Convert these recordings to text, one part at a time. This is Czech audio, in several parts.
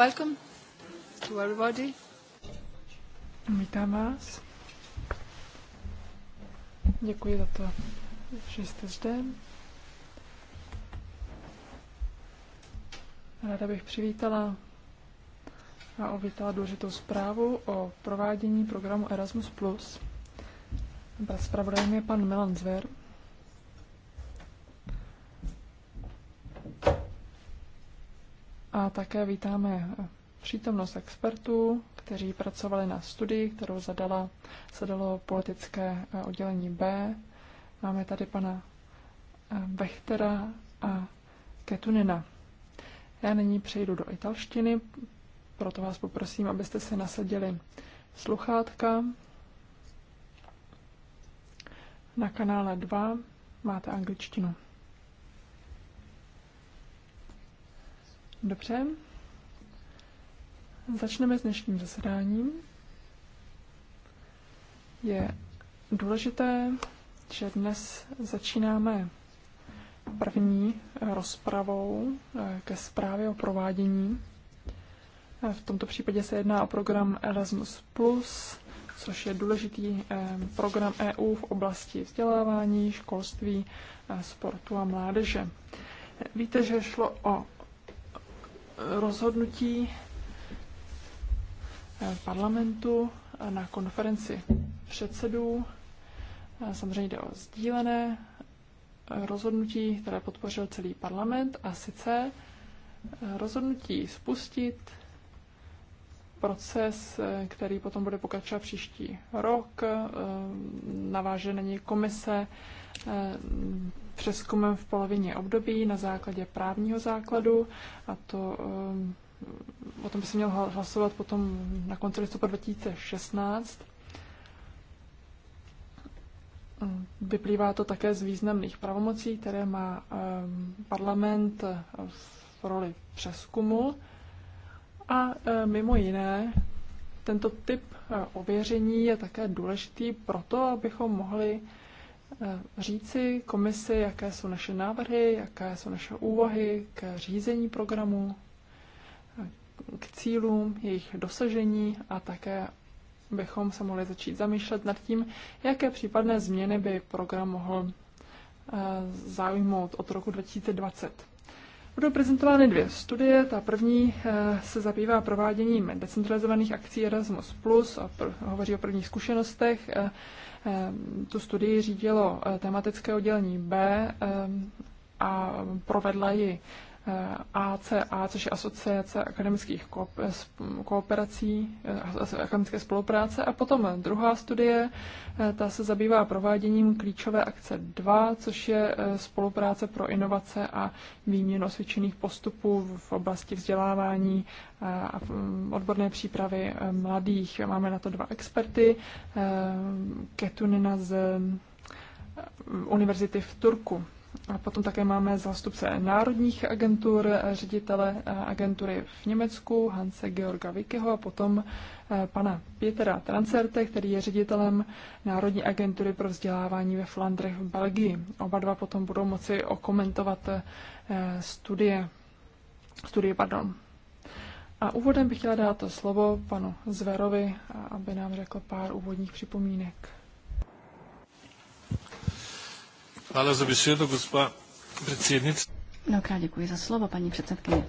Welcome to everybody. Vítám vás. Děkuji za to, že jste zde. Ráda bych přivítala a uvítala důležitou zprávu o provádění programu Erasmus+. Zpravodajem je pan Milan Zverb. A také vítáme přítomnost expertů, kteří pracovali na studii, kterou zadala, zadalo politické eh, oddělení B. Máme tady pana Bechtera eh, a Ketunina. Já nyní přejdu do italštiny, proto vás poprosím, abyste si nasadili sluchátka. Na kanále 2 máte angličtinu. Dobře. Začneme s dnešním zasedáním. Je důležité, že dnes začínáme první rozpravou eh, ke zprávě o provádění. Eh, v tomto případě se jedná o program Erasmus+, což je důležitý eh, program EU v oblasti vzdělávání, školství, sportu a mládeže. Víte, že šlo o rozhodnutí eh, parlamentu na konferenci předsedů. Eh, samozřejmě jde o sdílené eh, rozhodnutí, které podpořil celý parlament, a sice rozhodnutí spustit proces, který potom bude pokračovat příští rok. Naváže na něj komise přeskumem v polovině období na základě právního základu a to eh, o tom by se měl hlasovat potom na konci listopadu 2016. Eh, vyplývá to také z významných pravomocí, které má eh, parlament v roli přeskumu. A mimo jiné, tento typ ověření je také důležitý proto, abychom mohli Eh, říci komisi, jaké jsou naše návrhy, jaké jsou naše úvahy k řízení programu, k cílům, jejich dosažení a také bychom se mohli začít zamýšlet nad tím, jaké případné změny by program mohl eh, zaujmout od roku 2020. Budou prezentovány dvě studie. Ta první eh, se zabývá prováděním decentralizovaných akcí Erasmus Plus a hovoří o prvních zkušenostech. Eh, eh, tu studii řídilo tematické oddělení B a provedla ji ACA, eh, což je Asociace akademických kooperací, eh, akademické spolupráce. A potom druhá studie, eh, ta se zabývá prováděním klíčové akce 2, což je spolupráce pro inovace a výměnu osvědčených postupů v oblasti vzdělávání a mm, odborné přípravy mladých. Máme na to dva experty, Ketunina z Univerzity v Turku. A potom také máme zástupce národních agentur, ředitele eh, agentury v Německu, Hanse Georga Vikeho a potom eh, pana Pětera Transerte, který je ředitelem Národní agentury pro vzdělávání ve Flandrech v Belgii. Oba dva potom budou moci okomentovat eh, studie, studie pardon. A úvodem bych chtěla dát to slovo panu Zverovi, aby nám řekl pár úvodních připomínek. Hvala za besedo, gospa předsednice. Mnohokrát děkuji za slovo, paní předsedkyně.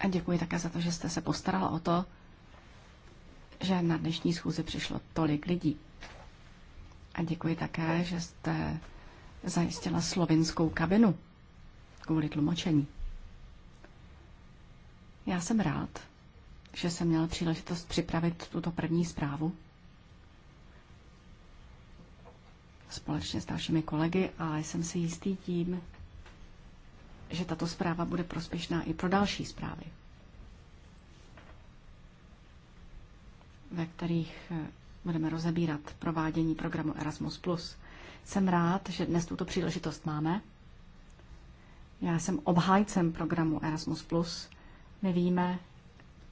A děkuji také za to, že jste se postarala o to, že na dnešní schůzi přišlo tolik lidí. A děkuji také, že jste zajistila slovinskou kabinu kvůli tlumočení. Já jsem rád, že jsem měla příležitost připravit tuto první zprávu společně s dalšími kolegy a jsem si jistý tím, že tato zpráva bude prospěšná i pro další zprávy, ve kterých eh, budeme rozebírat provádění programu Erasmus+. Jsem rád, že dnes tuto příležitost máme. Já jsem obhájcem programu Erasmus+. My víme,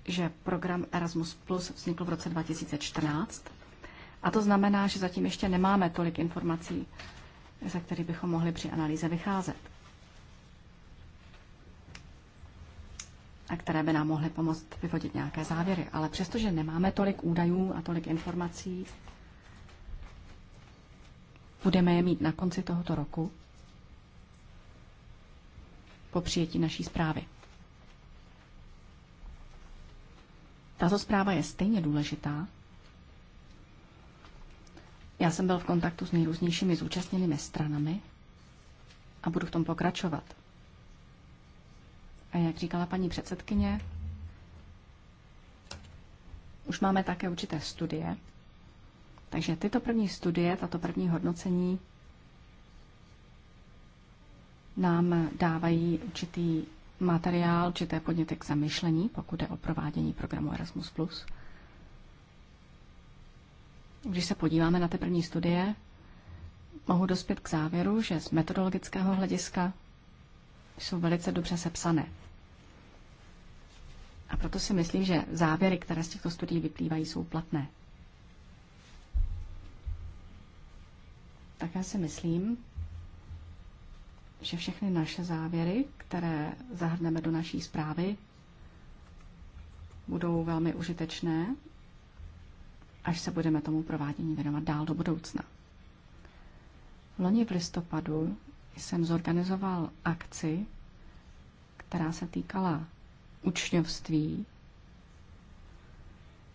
že program Erasmus Plus vznikl v roce 2014 a to znamená, že zatím ještě nemáme tolik informací, ze kterých bychom mohli při analýze vycházet a které by nám mohly pomoct vyvodit nějaké závěry. Ale přestože nemáme tolik údajů a tolik informací, budeme je mít na konci tohoto roku po přijetí naší zprávy. Tato zpráva je stejně důležitá. Já jsem byl v kontaktu s nejrůznějšími zúčastněnými stranami a budu v tom pokračovat. A jak říkala paní předsedkyně, už máme také určité studie, takže tyto první studie, tato první hodnocení nám dávají určitý materiál, určité podněty k zamyšlení, pokud jde o provádění programu Erasmus+. Když se podíváme na ty první studie, mohu dospět k závěru, že z metodologického hlediska jsou velice dobře sepsané. A proto si myslím, že závěry, které z těchto studií vyplývají, jsou platné. Také si myslím, že všechny naše závěry, které zahrneme do naší zprávy, budou velmi užitečné, až se budeme tomu provádění věnovat dál do budoucna. Loni v listopadu jsem zorganizoval akci, která se týkala učňovství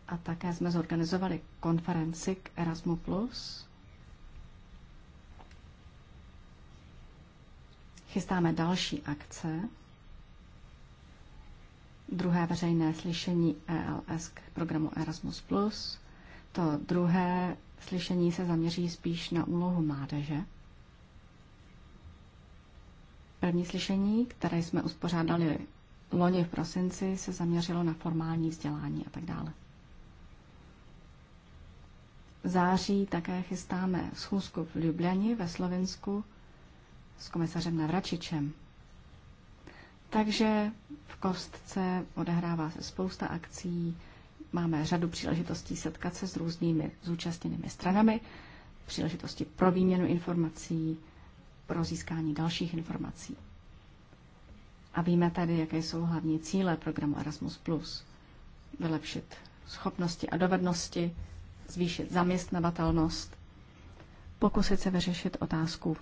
a také jsme zorganizovali konferenci k Erasmu+, Chystáme další akce, druhé veřejné slyšení ELS k programu Erasmus+. To druhé slyšení se zaměří spíš na úlohu mládeže. První slyšení, které jsme uspořádali loni v prosinci, se zaměřilo na formální vzdělání a tak dále. V září také chystáme schůzku v Ljubljani ve Slovensku s komisařem Navračičem. Takže v kostce odehrává se spousta akcí, máme řadu příležitostí setkat se s různými zúčastněnými stranami, příležitosti pro výměnu informací, pro získání dalších informací. A víme tady, jaké jsou hlavní cíle programu Erasmus+. Vylepšit schopnosti a dovednosti, zvýšit zaměstnavatelnost, pokusit se vyřešit otázku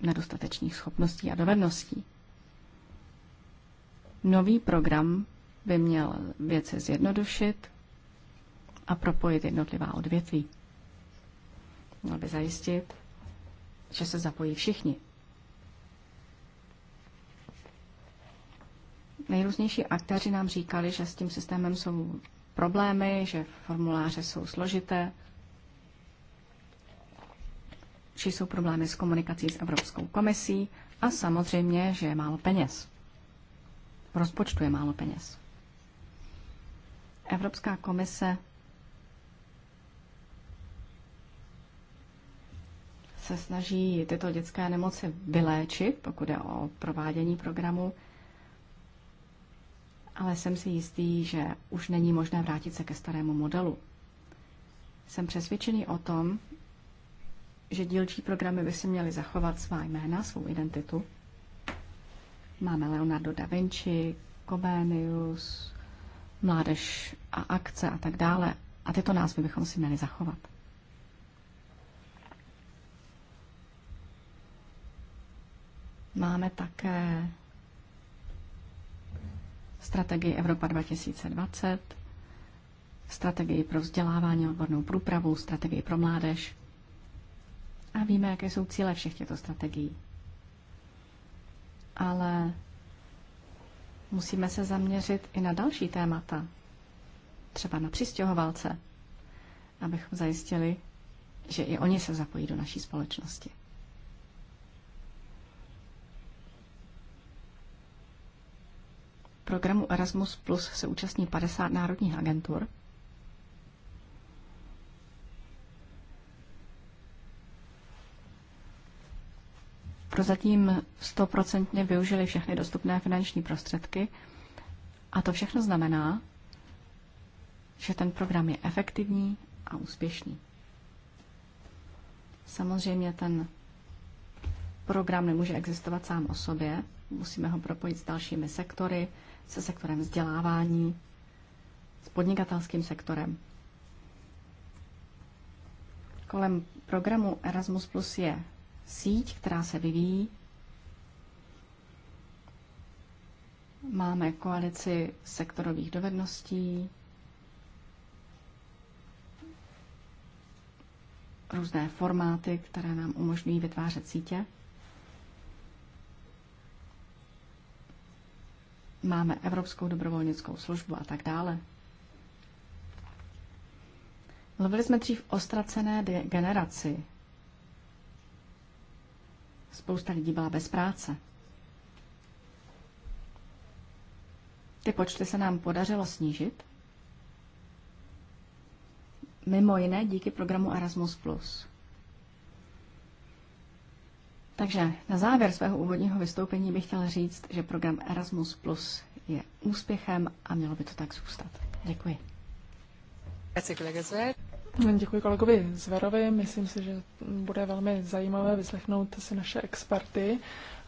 nedostatečných schopností a dovedností. Nový program by měl věci zjednodušit a propojit jednotlivá odvětví. Měl by zajistit, že se zapojí všichni. Nejrůznější aktéři nám říkali, že s tím systémem jsou problémy, že formuláře jsou složité, či jsou problémy s komunikací s Evropskou komisí a samozřejmě, že je málo peněz. V rozpočtu je málo peněz. Evropská komise se snaží tyto dětské nemoci vyléčit, pokud je o provádění programu, ale jsem si jistý, že už není možné vrátit se ke starému modelu. Jsem přesvědčený o tom, že dílčí programy by si měly zachovat svá jména, svou identitu. Máme Leonardo da Vinci, Comenius, Mládež a akce a tak dále. A tyto názvy bychom si měli zachovat. Máme také strategii Evropa 2020, strategii pro vzdělávání odbornou průpravu, strategii pro mládež a víme, jaké jsou cíle všech těchto strategií. Ale musíme se zaměřit i na další témata, třeba na přistěhovalce, abychom zajistili, že i oni se zapojí do naší společnosti. Programu Erasmus Plus se účastní 50 národních agentur – prozatím stoprocentně využili všechny dostupné finanční prostředky. A to všechno znamená, že ten program je efektivní a úspěšný. Samozřejmě ten program nemůže existovat sám o sobě, musíme ho propojit s dalšími sektory, se sektorem vzdělávání, s podnikatelským sektorem. Kolem programu Erasmus Plus je síť, která se vyvíjí. Máme koalici sektorových dovedností, různé formáty, které nám umožňují vytvářet sítě. Máme Evropskou dobrovolnickou službu a tak dále. Mluvili jsme dřív o ztracené generaci, Spousta lidí byla bez práce. Ty počty se nám podařilo snížit. Mimo jiné díky programu Erasmus+. Takže na závěr svého úvodního vystoupení bych chtěla říct, že program Erasmus Plus je úspěchem a mělo by to tak zůstat. Děkuji. Děkuji kolegovi Zverovi. Myslím si, že bude velmi zajímavé vyslechnout si naše experty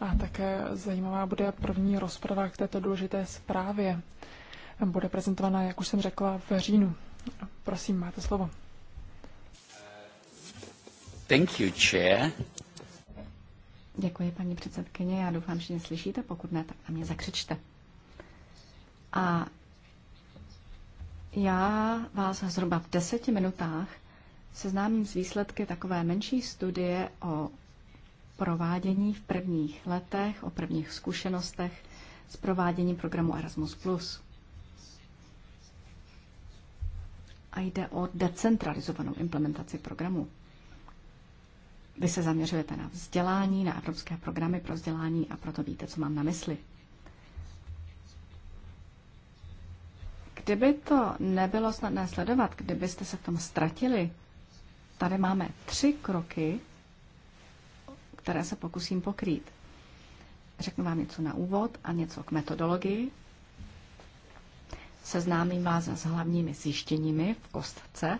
a také zajímavá bude první rozprava k této důležité zprávě. Bude prezentovaná, jak už jsem řekla, v říjnu. Prosím, máte slovo. Thank you, chair. Děkuji, paní předsedkyně. Já doufám, že mě slyšíte. Pokud ne, tak na mě zakřičte. A já vás zhruba v deseti minutách seznámím s výsledky takové menší studie o provádění v prvních letech, o prvních zkušenostech s prováděním programu Erasmus. A jde o decentralizovanou implementaci programu. Vy se zaměřujete na vzdělání, na evropské programy pro vzdělání a proto víte, co mám na mysli. Kdyby to nebylo snadné sledovat, kdybyste se v tom ztratili, tady máme tři kroky, které se pokusím pokrýt. Řeknu vám něco na úvod a něco k metodologii. Seznámím vás s hlavními zjištěními v kostce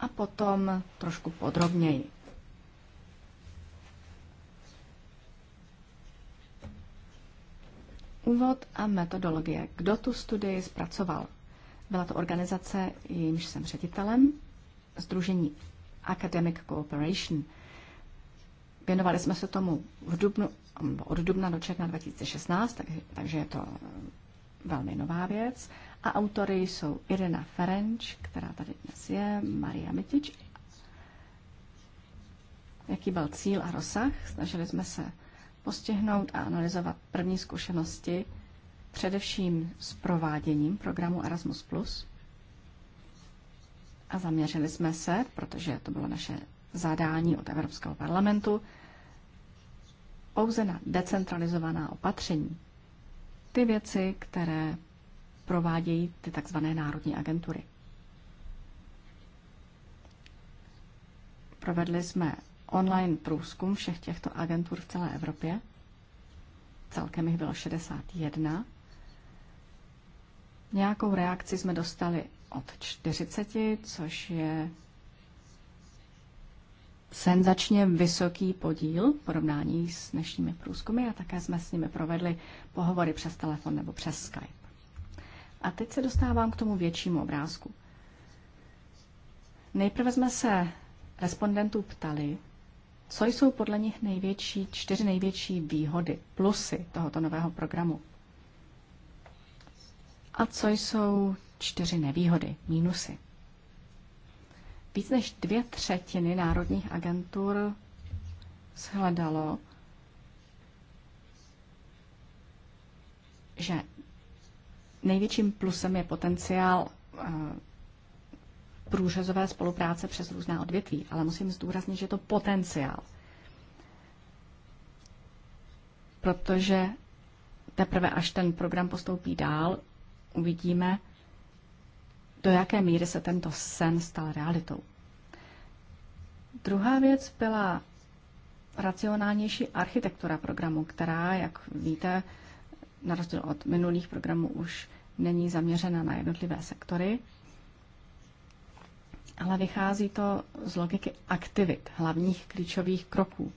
a potom trošku podrobněji. Úvod a metodologie. Kdo tu studii zpracoval? Byla to organizace, jejímž jsem ředitelem, Združení Academic Cooperation. Věnovali jsme se tomu v dubnu, od dubna do června 2016, tak, takže je to velmi nová věc. A autory jsou Irena Ferenč, která tady dnes je, Maria Mitič. Jaký byl cíl a rozsah? Snažili jsme se postihnout a analyzovat první zkušenosti, především s prováděním programu Erasmus+. A zaměřili jsme se, protože to bylo naše zadání od Evropského parlamentu, pouze na decentralizovaná opatření. Ty věci, které provádějí ty takzvané národní agentury. Provedli jsme online průzkum všech těchto agentur v celé Evropě. Celkem jich bylo 61. Nějakou reakci jsme dostali od 40, což je senzačně vysoký podíl v porovnání s dnešními průzkumy a také jsme s nimi provedli pohovory přes telefon nebo přes Skype. A teď se dostávám k tomu většímu obrázku. Nejprve jsme se respondentů ptali, co jsou podle nich největší, čtyři největší výhody, plusy tohoto nového programu? A co jsou čtyři nevýhody, mínusy? Víc než dvě třetiny národních agentur shledalo, že největším plusem je potenciál eh, průřezové spolupráce přes různá odvětví, ale musím zdůraznit, že je to potenciál. Protože teprve až ten program postoupí dál, uvidíme, do jaké míry se tento sen stal realitou. Druhá věc byla racionálnější architektura programu, která, jak víte, na rozdíl od minulých programů už není zaměřena na jednotlivé sektory, ale vychází to z logiky aktivit, hlavních klíčových kroků.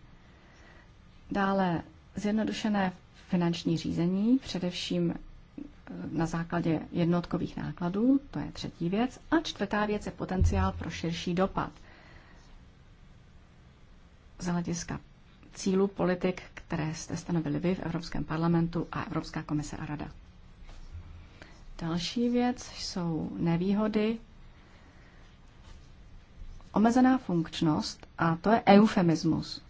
Dále zjednodušené finanční řízení, především eh, na základě jednotkových nákladů, to je třetí věc. A čtvrtá věc je potenciál pro širší dopad z hlediska cílů politik, které jste stanovili vy v Evropském parlamentu a Evropská komise a Rada. Další věc jsou nevýhody Omezená funkčnost, a to je eufemismus,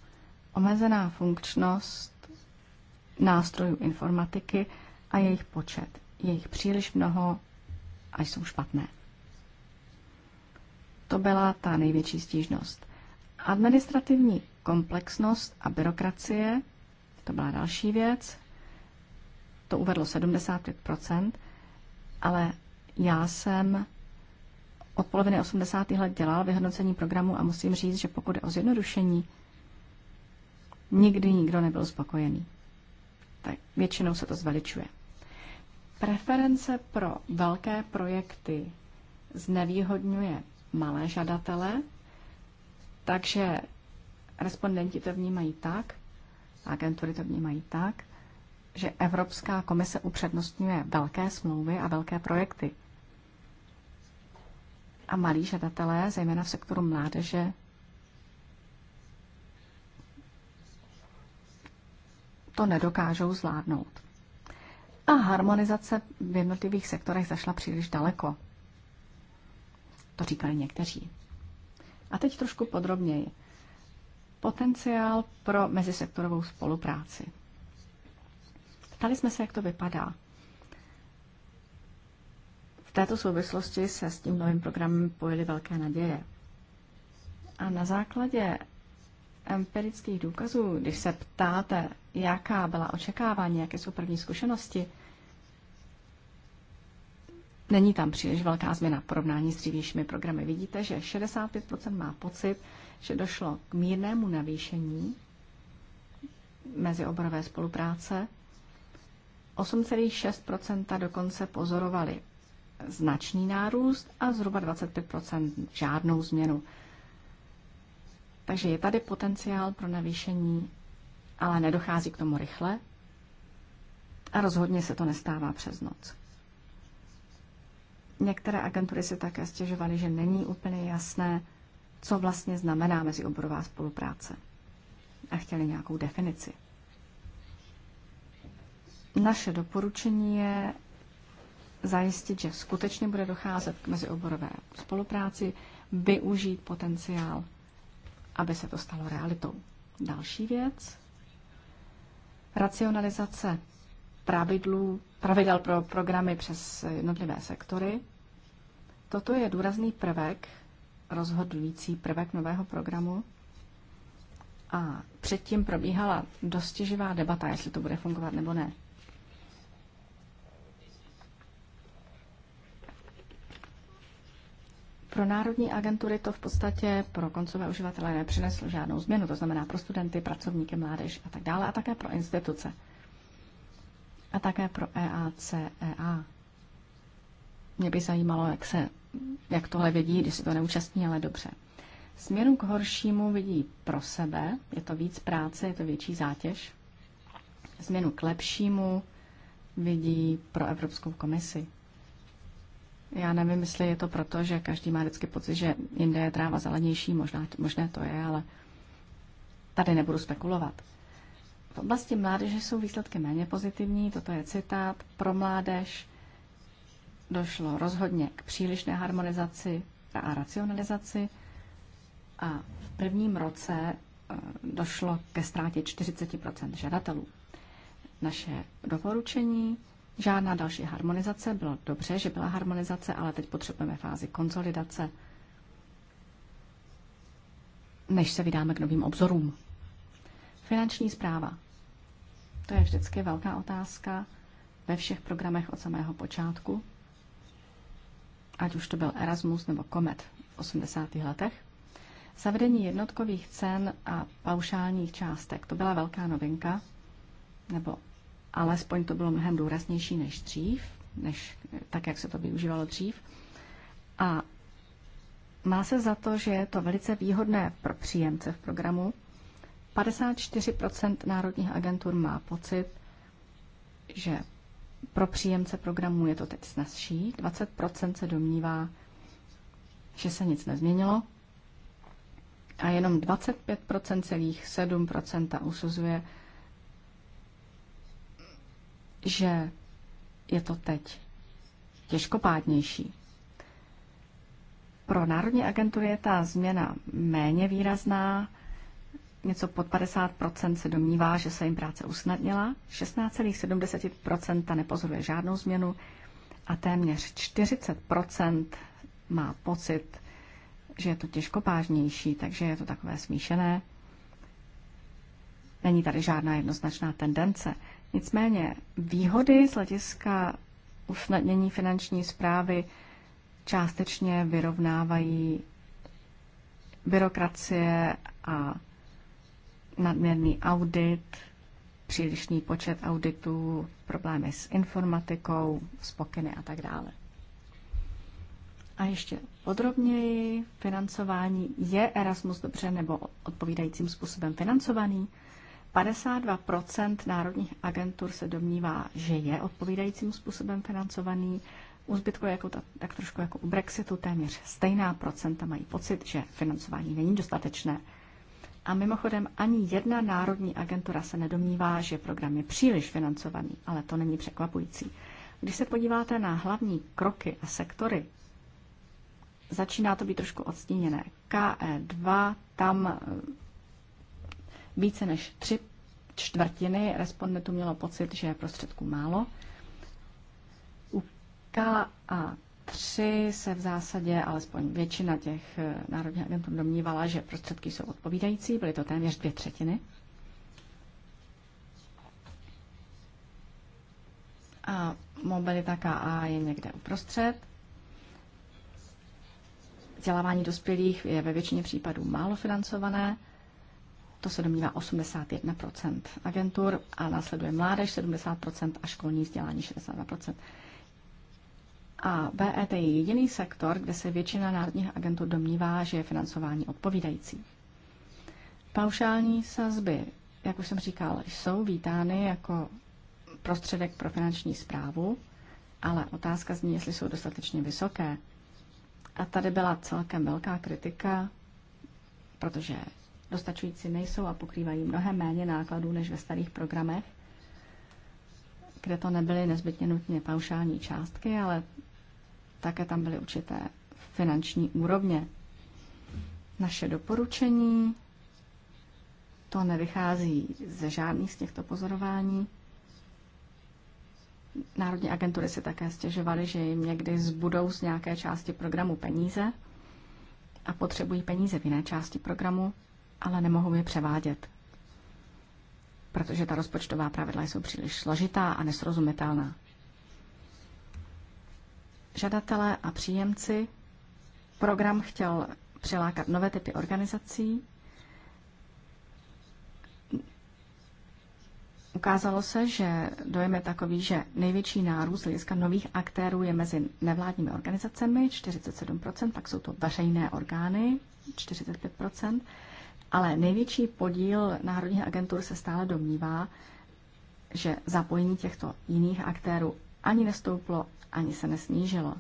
omezená funkčnost nástrojů informatiky a jejich počet. jejich příliš mnoho a jsou špatné. To byla ta největší stížnost. Administrativní komplexnost a byrokracie, to byla další věc, to uvedlo 75%, ale já jsem od poloviny 80. let dělal vyhodnocení programu a musím říct, že pokud je o zjednodušení, nikdy nikdo nebyl spokojený. Tak většinou se to zveličuje. Preference pro velké projekty znevýhodňuje malé žadatele, takže respondenti to vnímají tak, agentury to vnímají tak, že Evropská komise upřednostňuje velké smlouvy a velké projekty, a malí žadatelé, zejména v sektoru mládeže, to nedokážou zvládnout. A harmonizace v jednotlivých sektorech zašla příliš daleko. To říkali někteří. A teď trošku podrobněji. Potenciál pro mezisektorovou spolupráci. Ptali jsme se, jak to vypadá této souvislosti se s tím novým programem pojily velké naděje. A na základě empirických důkazů, když se ptáte, jaká byla očekávání, jaké jsou první zkušenosti, není tam příliš velká změna v porovnání s dřívějšími programy. Vidíte, že 65% má pocit, že došlo k mírnému navýšení mezioborové spolupráce. 8,6% dokonce pozorovali značný nárůst a zhruba 25 žádnou změnu. Takže je tady potenciál pro navýšení, ale nedochází k tomu rychle a rozhodně se to nestává přes noc. Některé agentury se také stěžovaly, že není úplně jasné, co vlastně znamená mezioborová spolupráce a chtěli nějakou definici. Naše doporučení je, zajistit, že skutečně bude docházet k mezioborové spolupráci, využít potenciál, aby se to stalo realitou. Další věc, racionalizace pravidlů, pravidel pro programy přes jednotlivé sektory. Toto je důrazný prvek, rozhodující prvek nového programu. A předtím probíhala dostiživá debata, jestli to bude fungovat nebo ne. Pro národní agentury to v podstatě pro koncové uživatele nepřineslo žádnou změnu, to znamená pro studenty, pracovníky, mládež a tak dále, a také pro instituce. A také pro EACEA. E Mě by zajímalo, jak, se, jak tohle vědí, když se to neúčastní, ale dobře. Směru k horšímu vidí pro sebe, je to víc práce, je to větší zátěž. Změnu k lepšímu vidí pro Evropskou komisi. Já nevím, jestli je to proto, že každý má vždycky pocit, že jinde je tráva zelenější, možná, možné to je, ale tady nebudu spekulovat. V oblasti mládeže jsou výsledky méně pozitivní, toto je citát. Pro mládež došlo rozhodně k přílišné harmonizaci a racionalizaci a v prvním roce eh, došlo ke ztrátě 40 žadatelů. Naše doporučení Žádná další harmonizace, bylo dobře, že byla harmonizace, ale teď potřebujeme fázi konsolidace, než se vydáme k novým obzorům. Finanční zpráva. To je vždycky velká otázka ve všech programech od samého počátku, ať už to byl Erasmus nebo Komet v 80. letech. Zavedení jednotkových cen a paušálních částek, to byla velká novinka, nebo alespoň to bylo mnohem důraznější než dřív, než tak, jak se to využívalo dřív. A má se za to, že je to velice výhodné pro příjemce v programu. 54 národních agentur má pocit, že pro příjemce programu je to teď snazší. 20 se domnívá, že se nic nezměnilo. A jenom 25,7 usuzuje, že je to teď těžkopádnější. Pro Národní agenturu je ta změna méně výrazná. Něco pod 50 se domnívá, že se jim práce usnadnila. 16,7 nepozoruje žádnou změnu a téměř 40 má pocit, že je to těžkopážnější, takže je to takové smíšené. Není tady žádná jednoznačná tendence. Nicméně výhody z hlediska usnadnění finanční zprávy částečně vyrovnávají byrokracie a nadměrný audit, přílišný počet auditů, problémy s informatikou, s pokyny a tak dále. A ještě podrobněji, financování. Je Erasmus dobře nebo odpovídajícím způsobem financovaný? 52 národních agentur se domnívá, že je odpovídajícím způsobem financovaný. U zbytku jako ta, tak trošku jako u Brexitu téměř stejná procenta mají pocit, že financování není dostatečné. A mimochodem ani jedna národní agentura se nedomnívá, že program je příliš financovaný, ale to není překvapující. Když se podíváte na hlavní kroky a sektory, začíná to být trošku odstíněné. KE2, tam více než tři čtvrtiny respondentů mělo pocit, že je prostředků málo. U K a 3 se v zásadě, alespoň většina těch eh, národních agentů domnívala, že prostředky jsou odpovídající, byly to téměř dvě třetiny. A mobilita KA je někde uprostřed. Vzdělávání dospělých je ve většině případů málo financované to se domnívá 81 agentur a následuje mládež 70 a školní vzdělání 62 A BET je jediný sektor, kde se většina národních agentur domnívá, že je financování odpovídající. Paušální sazby, jak už jsem říkal, jsou vítány jako prostředek pro finanční zprávu, ale otázka zní, jestli jsou dostatečně vysoké. A tady byla celkem velká kritika, protože dostačující nejsou a pokrývají mnohem méně nákladů než ve starých programech, kde to nebyly nezbytně nutně paušální částky, ale také tam byly určité finanční úrovně. Naše doporučení to nevychází ze žádných z těchto pozorování. Národní agentury si také stěžovaly, že jim někdy zbudou z nějaké části programu peníze a potřebují peníze v jiné části programu, ale nemohou je převádět, protože ta rozpočtová pravidla jsou příliš složitá a nesrozumitelná. Žadatelé a příjemci program chtěl přilákat nové typy organizací. Ukázalo se, že dojeme takový, že největší nárůst hlediska nových aktérů je mezi nevládními organizacemi 47%, pak jsou to veřejné orgány 45%, ale největší podíl národních agentur se stále domnívá, že zapojení těchto jiných aktérů ani nestouplo, ani se nesnížilo.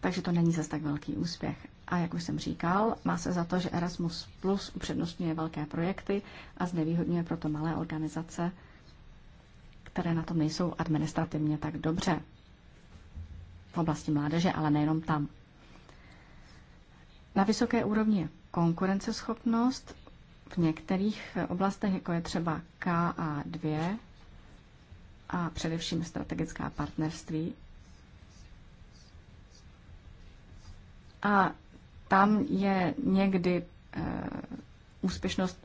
Takže to není zase tak velký úspěch. A jak už jsem říkal, má se za to, že Erasmus Plus upřednostňuje velké projekty a znevýhodňuje proto malé organizace, které na tom nejsou administrativně tak dobře. V oblasti mládeže, ale nejenom tam. Na vysoké úrovni je konkurenceschopnost, v některých oblastech, jako je třeba KA2 a především strategická partnerství. A tam je někdy e, úspěšnost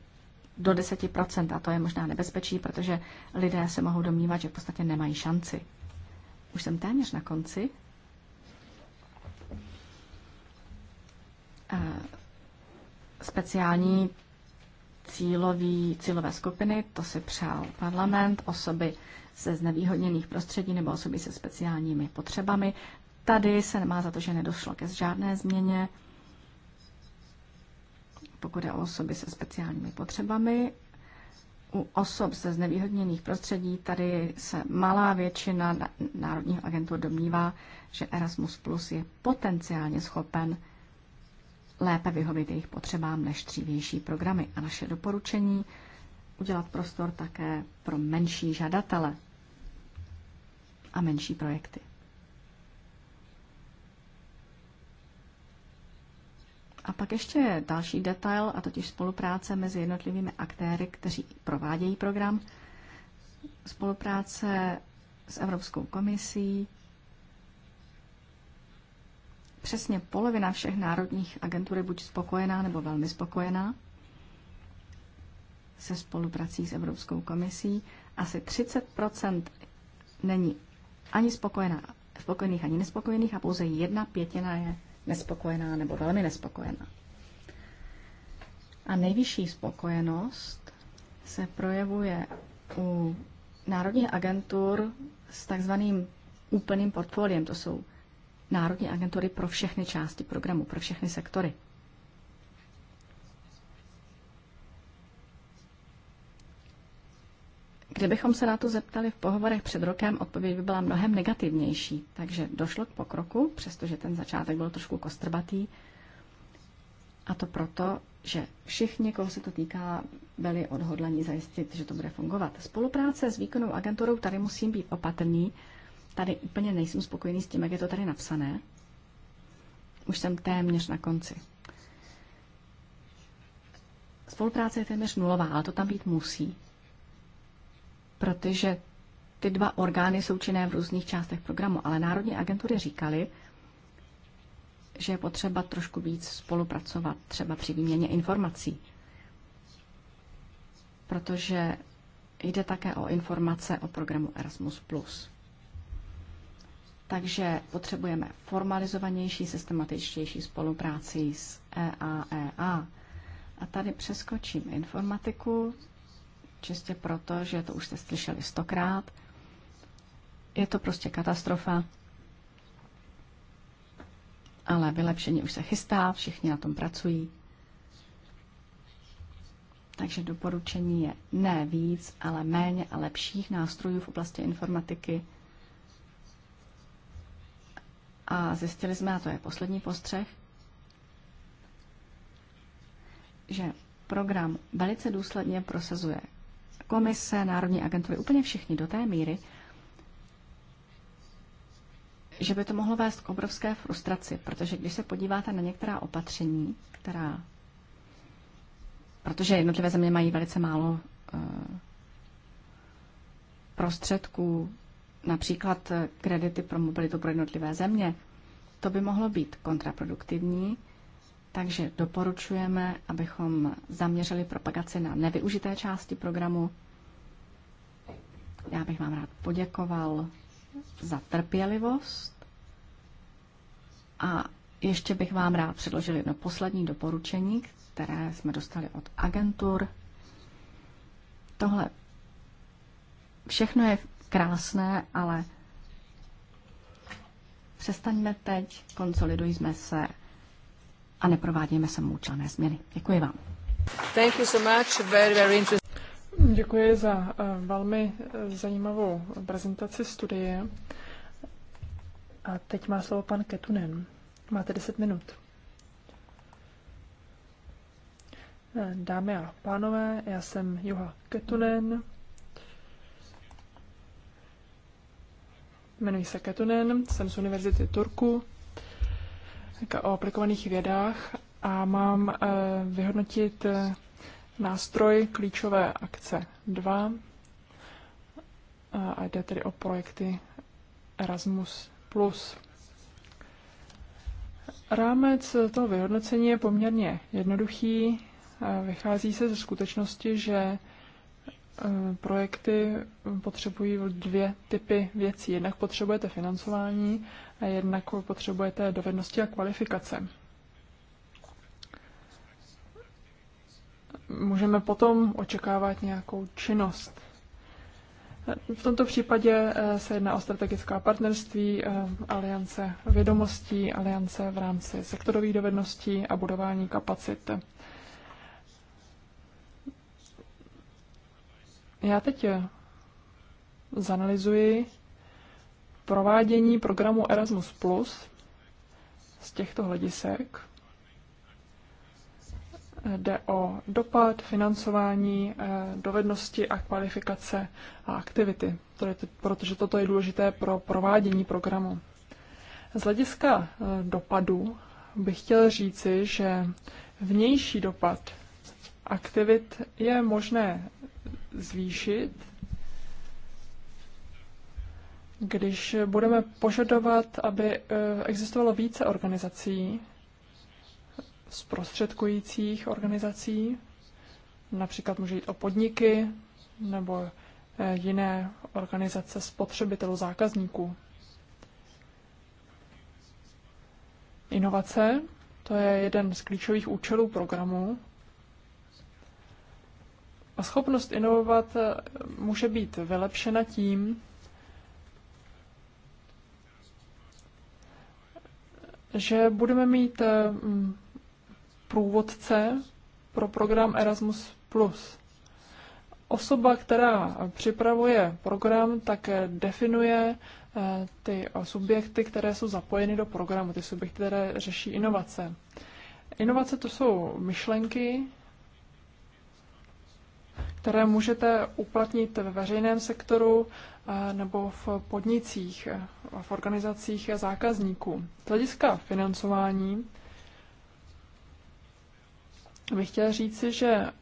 do 10% a to je možná nebezpečí, protože lidé se mohou domnívat, že v podstatě nemají šanci. Už jsem téměř na konci. speciální cílový, cílové skupiny, to si přál parlament, osoby ze znevýhodněných prostředí nebo osoby se speciálními potřebami. Tady se nemá za to, že nedošlo ke žádné změně, pokud je o osoby se speciálními potřebami. U osob ze znevýhodněných prostředí tady se malá většina národních agentu domnívá, že Erasmus Plus je potenciálně schopen lépe vyhovět jejich potřebám než dřívější programy. A naše doporučení udělat prostor také pro menší žadatele a menší projekty. A pak ještě další detail, a totiž spolupráce mezi jednotlivými aktéry, kteří provádějí program, spolupráce s Evropskou komisí, přesně polovina všech národních agentur je buď spokojená nebo velmi spokojená se spoluprací s Evropskou komisí. Asi 30 není ani spokojená, spokojených, ani nespokojených a pouze jedna pětina je nespokojená nebo velmi nespokojená. A nejvyšší spokojenost se projevuje u národních agentur s takzvaným úplným portfoliem. To jsou národní agentury pro všechny části programu, pro všechny sektory. Kdybychom se na to zeptali v pohovorech před rokem, odpověď by byla mnohem negativnější. Takže došlo k pokroku, přestože ten začátek byl trošku kostrbatý. A to proto, že všichni, koho se to týká, byli odhodlaní zajistit, že to bude fungovat. Spolupráce s výkonnou agenturou tady musím být opatrný, tady úplně nejsem spokojený s tím, jak je to tady napsané. Už jsem téměř na konci. Spolupráce je téměř nulová, ale to tam být musí. Protože ty dva orgány jsou činné v různých částech programu, ale národní agentury říkali, že je potřeba trošku víc spolupracovat, třeba při výměně informací. Protože jde také o informace o programu Erasmus+. Takže potřebujeme formalizovanější, systematičtější spolupráci s EAEA. E a tady přeskočím informatiku, čistě proto, že to už jste slyšeli stokrát. Je to prostě katastrofa, ale vylepšení už se chystá, všichni na tom pracují. Takže doporučení je ne víc, ale méně a lepších nástrojů v oblasti informatiky – a zjistili jsme, a to je poslední postřeh, že program velice důsledně prosazuje komise, národní agentury, úplně všichni do té míry, že by to mohlo vést k obrovské frustraci, protože když se podíváte na některá opatření, která. Protože jednotlivé země mají velice málo eh, prostředků, například eh, kredity pro mobilitu pro jednotlivé země, to by mohlo být kontraproduktivní, takže doporučujeme, abychom zaměřili propagaci na nevyužité části programu. Já bych vám rád poděkoval za trpělivost a ještě bych vám rád předložil jedno poslední doporučení, které jsme dostali od agentur. Tohle všechno je krásné, ale přestaňme teď, konsolidujme se a neprovádíme samoučelné změny. Děkuji vám. Thank you so much. Very, very interesting. Děkuji za eh, velmi eh, zajímavou prezentaci studie. A teď má slovo pan Ketunen. Máte 10 minut. Eh, dámy a pánové, já jsem Juha Ketunen Jmenuji se Ketunen, jsem z Univerzity Turku o aplikovaných vědách a mám eh, vyhodnotit eh, nástroj klíčové akce 2 a jde tedy o projekty Erasmus+. Rámec toho vyhodnocení je poměrně jednoduchý. Eh, vychází se ze skutečnosti, že Eh, projekty eh, potřebují dvě typy věcí. Jednak potřebujete financování a jednak potřebujete dovednosti a kvalifikace. Můžeme potom očekávat nějakou činnost. V tomto případě eh, se jedná o strategická partnerství, aliance vědomostí, aliance v rámci sektorových dovedností a budování kapacit. Já teď eh, zanalizuji provádění programu Erasmus Plus z těchto hledisek. Jde o dopad, financování, eh, dovednosti a kvalifikace a aktivity, protože toto je důležité pro provádění programu. Z hlediska eh, dopadu bych chtěl říci, že vnější dopad aktivit je možné zvýšit, když budeme požadovat, aby eh, existovalo více organizací, zprostředkujících organizací, například může jít o podniky nebo eh, jiné organizace spotřebitelů zákazníků. Inovace, to je jeden z klíčových účelů programu a schopnost inovovat eh, může být vylepšena tím, že budeme mít eh, průvodce pro program Erasmus+. Osoba, která připravuje program, tak eh, definuje ty subjekty, které jsou zapojeny do programu, ty subjekty, které řeší inovace. Inovace to jsou myšlenky, které můžete uplatnit ve veřejném sektoru eh, nebo v podnicích, eh, v organizacích zákazníků. Z hlediska financování bych chtěla říci, že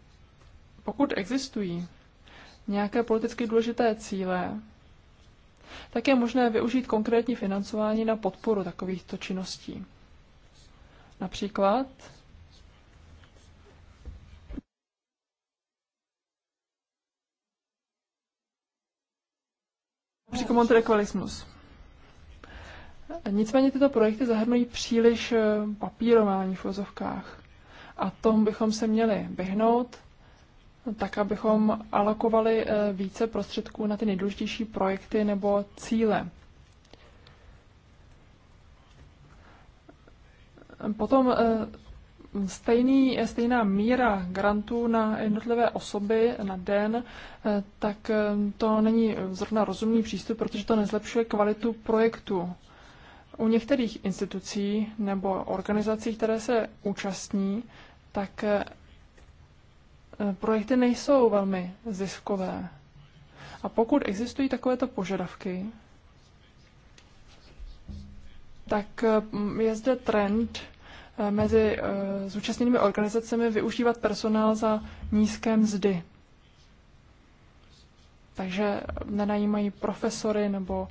pokud existují nějaké politicky důležité cíle, tak je možné využít konkrétní financování na podporu takovýchto činností. Například Přikomontrekualismus. Nicméně tyto projekty zahrnují příliš eh, papírování v vozovkách. A tom bychom se měli vyhnout, tak abychom alokovali eh, více prostředků na ty nejdůležitější projekty nebo cíle. Potom eh, stejný, stejná míra grantů na jednotlivé osoby na den, eh, tak eh, to není zrovna rozumný přístup, protože to nezlepšuje kvalitu projektu. U některých institucí nebo organizací, které se účastní, tak eh, projekty nejsou velmi ziskové. A pokud existují takovéto požadavky, tak je zde trend Eh, mezi eh, zúčastněnými organizacemi využívat personál za nízké mzdy. Takže nenajímají profesory nebo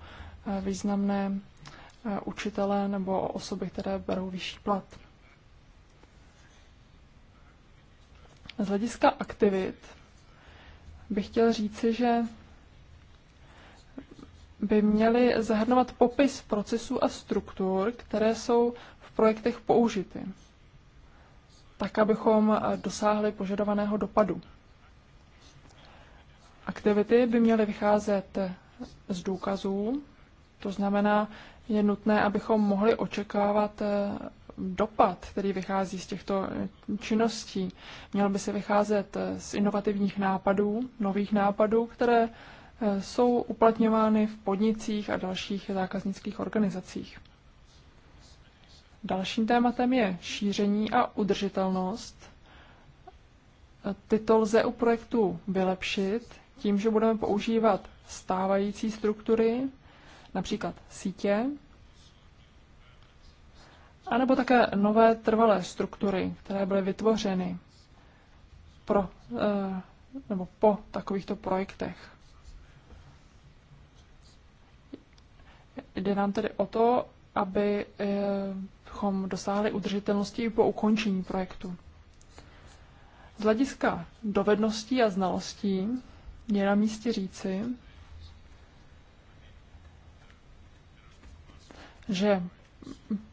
eh, významné učitele nebo osoby, které berou vyšší plat. Z hlediska aktivit bych chtěl říci, že by měly zahrnovat popis procesů a struktur, které jsou projektech použity, tak abychom eh, dosáhli požadovaného dopadu. Aktivity by měly vycházet eh, z důkazů, to znamená, je nutné, abychom mohli očekávat eh, dopad, který vychází z těchto činností. Měl by se vycházet z inovativních nápadů, nových nápadů, které jsou uplatňovány v podnicích a dalších zákaznických organizacích. Dalším tématem je šíření a udržitelnost. Tyto lze u projektu vylepšit tím, že budeme používat stávající struktury, například sítě, anebo také nové trvalé struktury, které byly vytvořeny pro, eh, nebo po takovýchto projektech. Jde nám tedy o to, aby eh, abychom dosáhli udržitelnosti i po ukončení projektu. Z hlediska dovedností a znalostí je na místě říci, že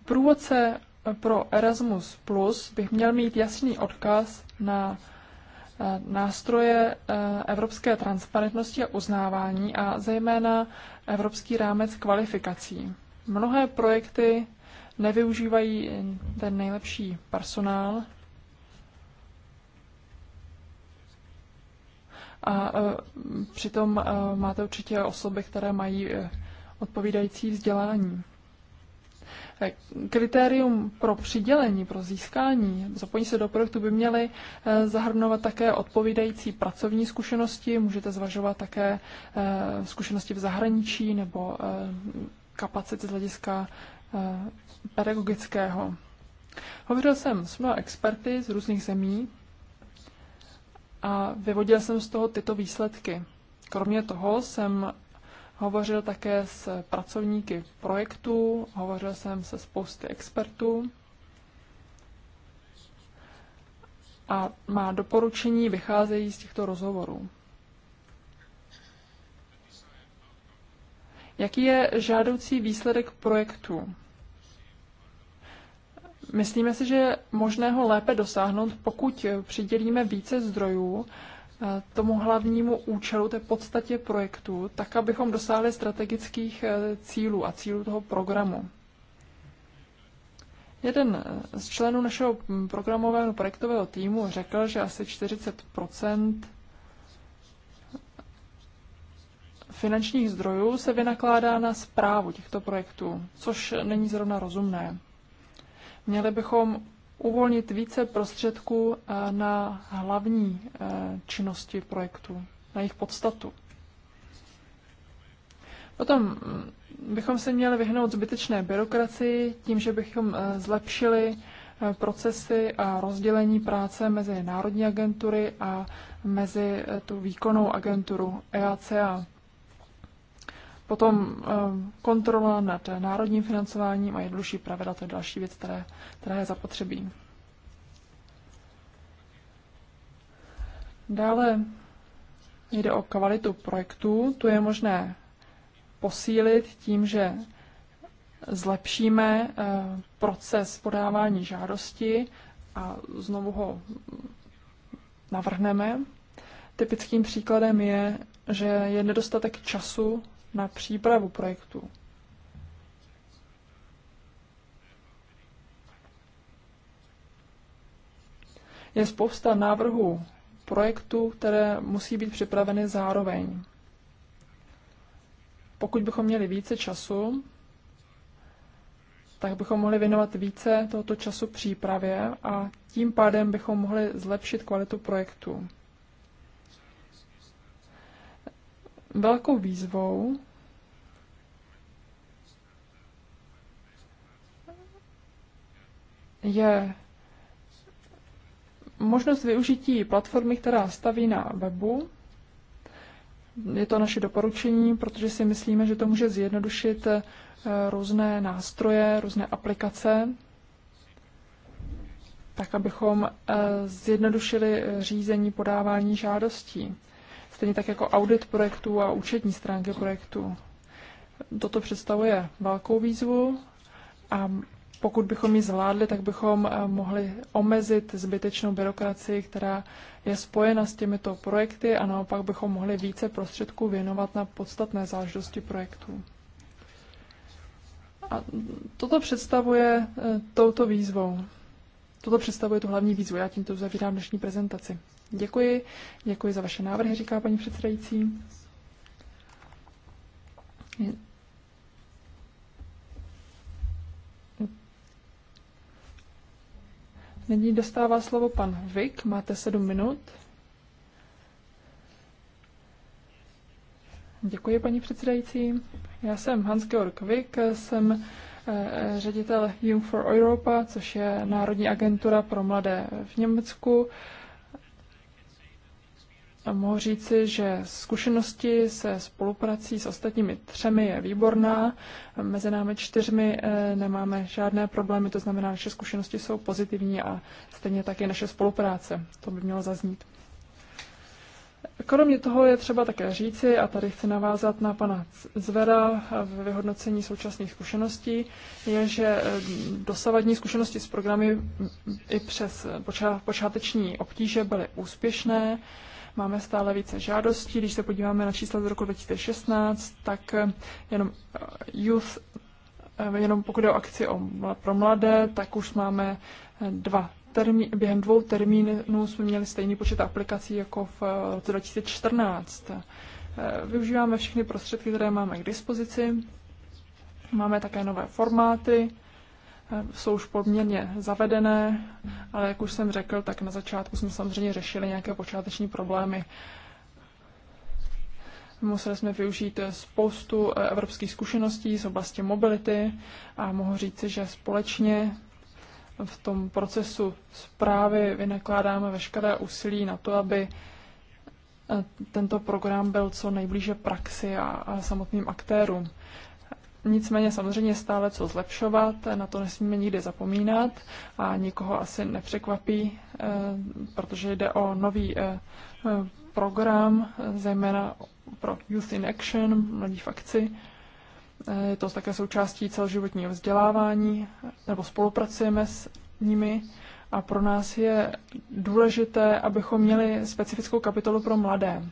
průvodce pro Erasmus Plus bych měl mít jasný odkaz na eh, nástroje eh, evropské transparentnosti a uznávání a zejména evropský rámec kvalifikací. Mnohé projekty nevyužívají ten nejlepší personál. A e, přitom e, máte určitě osoby, které mají e, odpovídající vzdělání. Kritérium pro přidělení, pro získání zapojení se do projektu by měly zahrnovat také odpovídající pracovní zkušenosti, můžete zvažovat také zkušenosti v zahraničí nebo kapacity z hlediska Eh, pedagogického. Hovořil jsem s mnoha experty z různých zemí a vyvodil jsem z toho tyto výsledky. Kromě toho jsem hovořil také s pracovníky projektu, hovořil jsem se spousty expertů a má doporučení vycházejí z těchto rozhovorů. Jaký je žádoucí výsledek projektu? Myslíme si, že je možné ho lépe dosáhnout, pokud přidělíme více zdrojů eh, tomu hlavnímu účelu, té podstatě projektu, tak abychom dosáhli strategických eh, cílů a cílů toho programu. Jeden eh, z členů našeho hm, programového projektového týmu řekl, že asi 40 finančních zdrojů se vynakládá na zprávu těchto projektů, což není zrovna rozumné. Měli bychom uvolnit více prostředků eh, na hlavní eh, činnosti projektu, na jejich podstatu. Potom mm, bychom se měli vyhnout zbytečné byrokracii tím, že bychom eh, zlepšili procesy a rozdělení práce mezi národní agentury a mezi tu výkonnou agenturu EACA. Potom eh, kontrola nad národním financováním a jednodušší pravidla, to je další věc, které, které je zapotřebí. Dále jde o kvalitu projektů. Tu je možné posílit tím, že zlepšíme eh, proces podávání žádosti a znovu ho navrhneme. Typickým příkladem je, že je nedostatek času na přípravu projektu. Je spousta návrhů projektů, které musí být připraveny zároveň. Pokud bychom měli více času, tak bychom mohli věnovat více tohoto času přípravě a tím pádem bychom mohli zlepšit kvalitu projektu. velkou výzvou je možnost využití platformy, která staví na webu. Je to naše doporučení, protože si myslíme, že to může zjednodušit eh, různé nástroje, různé aplikace, tak abychom eh, zjednodušili eh, řízení podávání žádostí stejně tak jako audit projektů a účetní stránky projektů. Toto představuje velkou výzvu a pokud bychom ji zvládli, tak bychom eh, mohli omezit zbytečnou byrokracii, která je spojena s těmito projekty a naopak bychom mohli více prostředků věnovat na podstatné záležitosti projektů. A toto představuje eh, touto výzvou. Toto představuje tu hlavní výzvu. Já tímto zavírám dnešní prezentaci. Děkuji, děkuji za vaše návrhy, říká paní předsedající. Nyní dostává slovo pan Vik, máte sedm minut. Děkuji, paní předsedající. Já jsem Hans-Georg Vik, jsem eh, ředitel Young for Europa, což je národní agentura pro mladé v Německu mohu říci, že zkušenosti se spoluprací s ostatními třemi je výborná. Mezi námi čtyřmi eh, nemáme žádné problémy, to znamená, naše zkušenosti jsou pozitivní a stejně tak i naše spolupráce. To by mělo zaznít. Kromě toho je třeba také říci, a tady chci navázat na pana Zvera v vyhodnocení současných zkušeností, je, že eh, dosavadní zkušenosti s programy i přes počáteční obtíže byly úspěšné Máme stále více žádostí. Když se podíváme na čísla z roku 2016, tak eh, jenom eh, Youth, eh, jenom pokud je o akci pro mladé, tak už máme dva termín, během dvou termínů jsme měli stejný počet aplikací jako v roce 2014. Využíváme všechny prostředky, které máme k dispozici. Máme také nové formáty jsou už poměrně zavedené, ale jak už jsem řekl, tak na začátku jsme samozřejmě řešili nějaké počáteční problémy. Museli jsme využít spoustu eh, evropských zkušeností z oblasti mobility a mohu říci, že společně v tom procesu zprávy vynakládáme veškeré úsilí na to, aby eh, tento program byl co nejblíže praxi a, a samotným aktérům. Nicméně samozřejmě stále co zlepšovat, na to nesmíme nikdy zapomínat a nikoho asi nepřekvapí, eh, protože jde o nový eh, eh, program, zejména pro Youth in Action, mladí v akci. Je to také součástí celoživotního vzdělávání, nebo spolupracujeme s nimi. A pro nás je důležité, abychom měli specifickou kapitolu pro mladé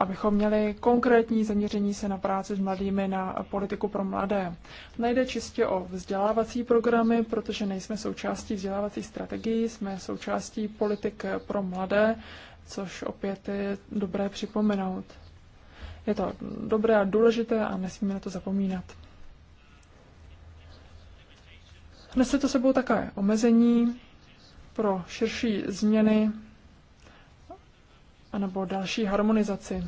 abychom měli konkrétní zaměření se na práci s mladými, na politiku pro mladé. Nejde čistě o vzdělávací programy, protože nejsme součástí vzdělávací strategii, jsme součástí politik pro mladé, což opět je dobré připomenout. Je to dobré a důležité a nesmíme na to zapomínat. Nese to sebou také omezení pro širší změny anebo další harmonizaci.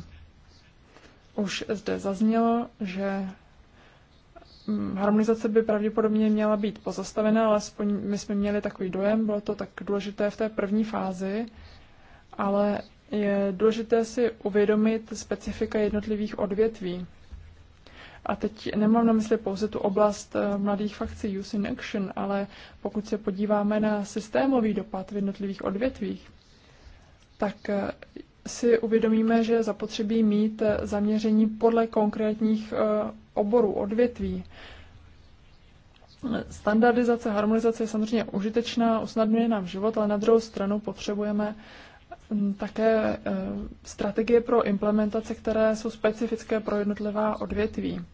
Už zde zaznělo, že mm, harmonizace by pravděpodobně měla být pozastavena, alespoň my jsme měli takový dojem, bylo to tak důležité v té první fázi, ale je důležité si uvědomit specifika jednotlivých odvětví. A teď nemám na mysli pouze tu oblast eh, mladých fakcí Use in Action, ale pokud se podíváme na systémový dopad v jednotlivých odvětvích, tak eh, si uvědomíme, že zapotřebí mít eh, zaměření podle konkrétních eh, oborů, odvětví. Standardizace, harmonizace je samozřejmě užitečná, usnadňuje nám život, ale na druhou stranu potřebujeme hm, také eh, strategie pro implementace, které jsou specifické pro jednotlivá odvětví.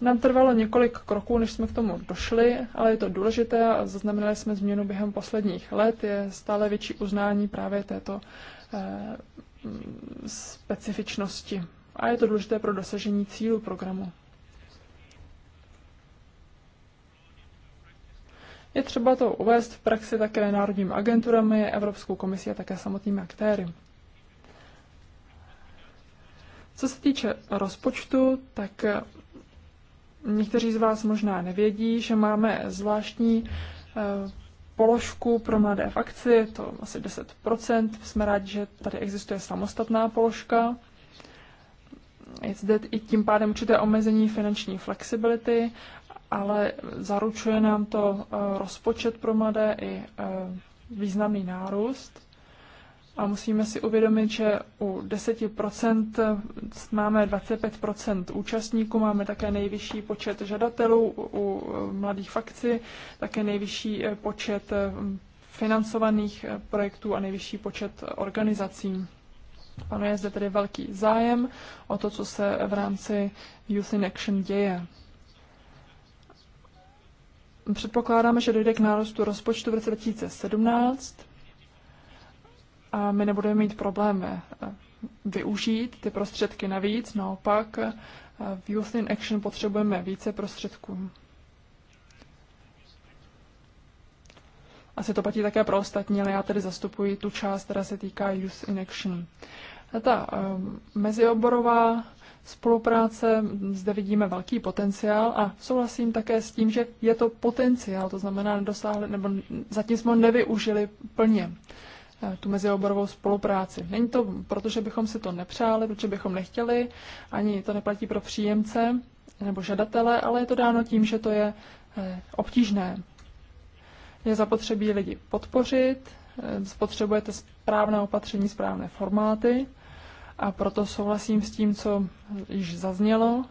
Nám trvalo několik kroků, než jsme k tomu došli, ale je to důležité a zaznamenali jsme změnu během posledních let. Je stále větší uznání právě této Eh, specifičnosti. A je to důležité pro dosažení cílu programu. Je třeba to uvést v praxi také národním agenturami, Evropskou komisí a také samotnými aktéry. Co se týče rozpočtu, tak eh, někteří z vás možná nevědí, že máme zvláštní eh, položku pro mladé v akci, je to asi 10%. Jsme rádi, že tady existuje samostatná položka. Je zde i tím pádem určité omezení finanční flexibility, ale zaručuje nám to eh, rozpočet pro mladé i eh, významný nárůst. A musíme si uvědomit, že u 10% máme 25% účastníků, máme také nejvyšší počet žadatelů u mladých fakci, také nejvyšší eh, počet eh, financovaných eh, projektů a nejvyšší počet organizací. Panuje zde tedy velký zájem o to, co se v rámci Youth in Action děje. Předpokládáme, že dojde k nárostu rozpočtu v roce 2017 a my nebudeme mít problémy eh, využít ty prostředky navíc, naopak eh, v Youth in Action potřebujeme více prostředků. Asi to platí také pro ostatní, ale já tedy zastupuji tu část, která se týká Youth in Action. Eh, ta mezioborová spolupráce, zde vidíme velký potenciál a souhlasím také s tím, že je to potenciál, to znamená, nedosáhli, nebo zatím jsme ho nevyužili plně. Uh, Eh, tu mezioborovou spolupráci. Není to proto, že bychom si to nepřáli, protože bychom nechtěli, ani to neplatí pro příjemce nebo žadatele, ale je to dáno tím, že to je eh, obtížné. Je zapotřebí lidi podpořit, eh, spotřebujete správné opatření, správné formáty a proto souhlasím s tím, co již zaznělo,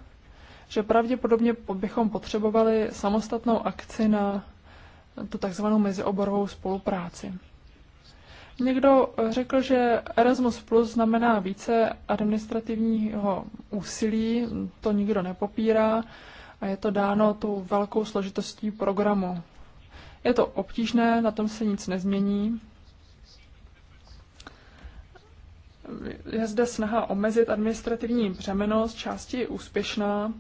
že pravděpodobně bychom potřebovali samostatnou akci na tu takzvanou mezioborovou spolupráci. Někdo eh, řekl, že Erasmus Plus znamená více administrativního úsilí, to nikdo nepopírá a je to dáno tou velkou složitostí programu. Je to obtížné, na tom se nic nezmění. Je zde snaha omezit administrativní břemeno, z části úspěšná,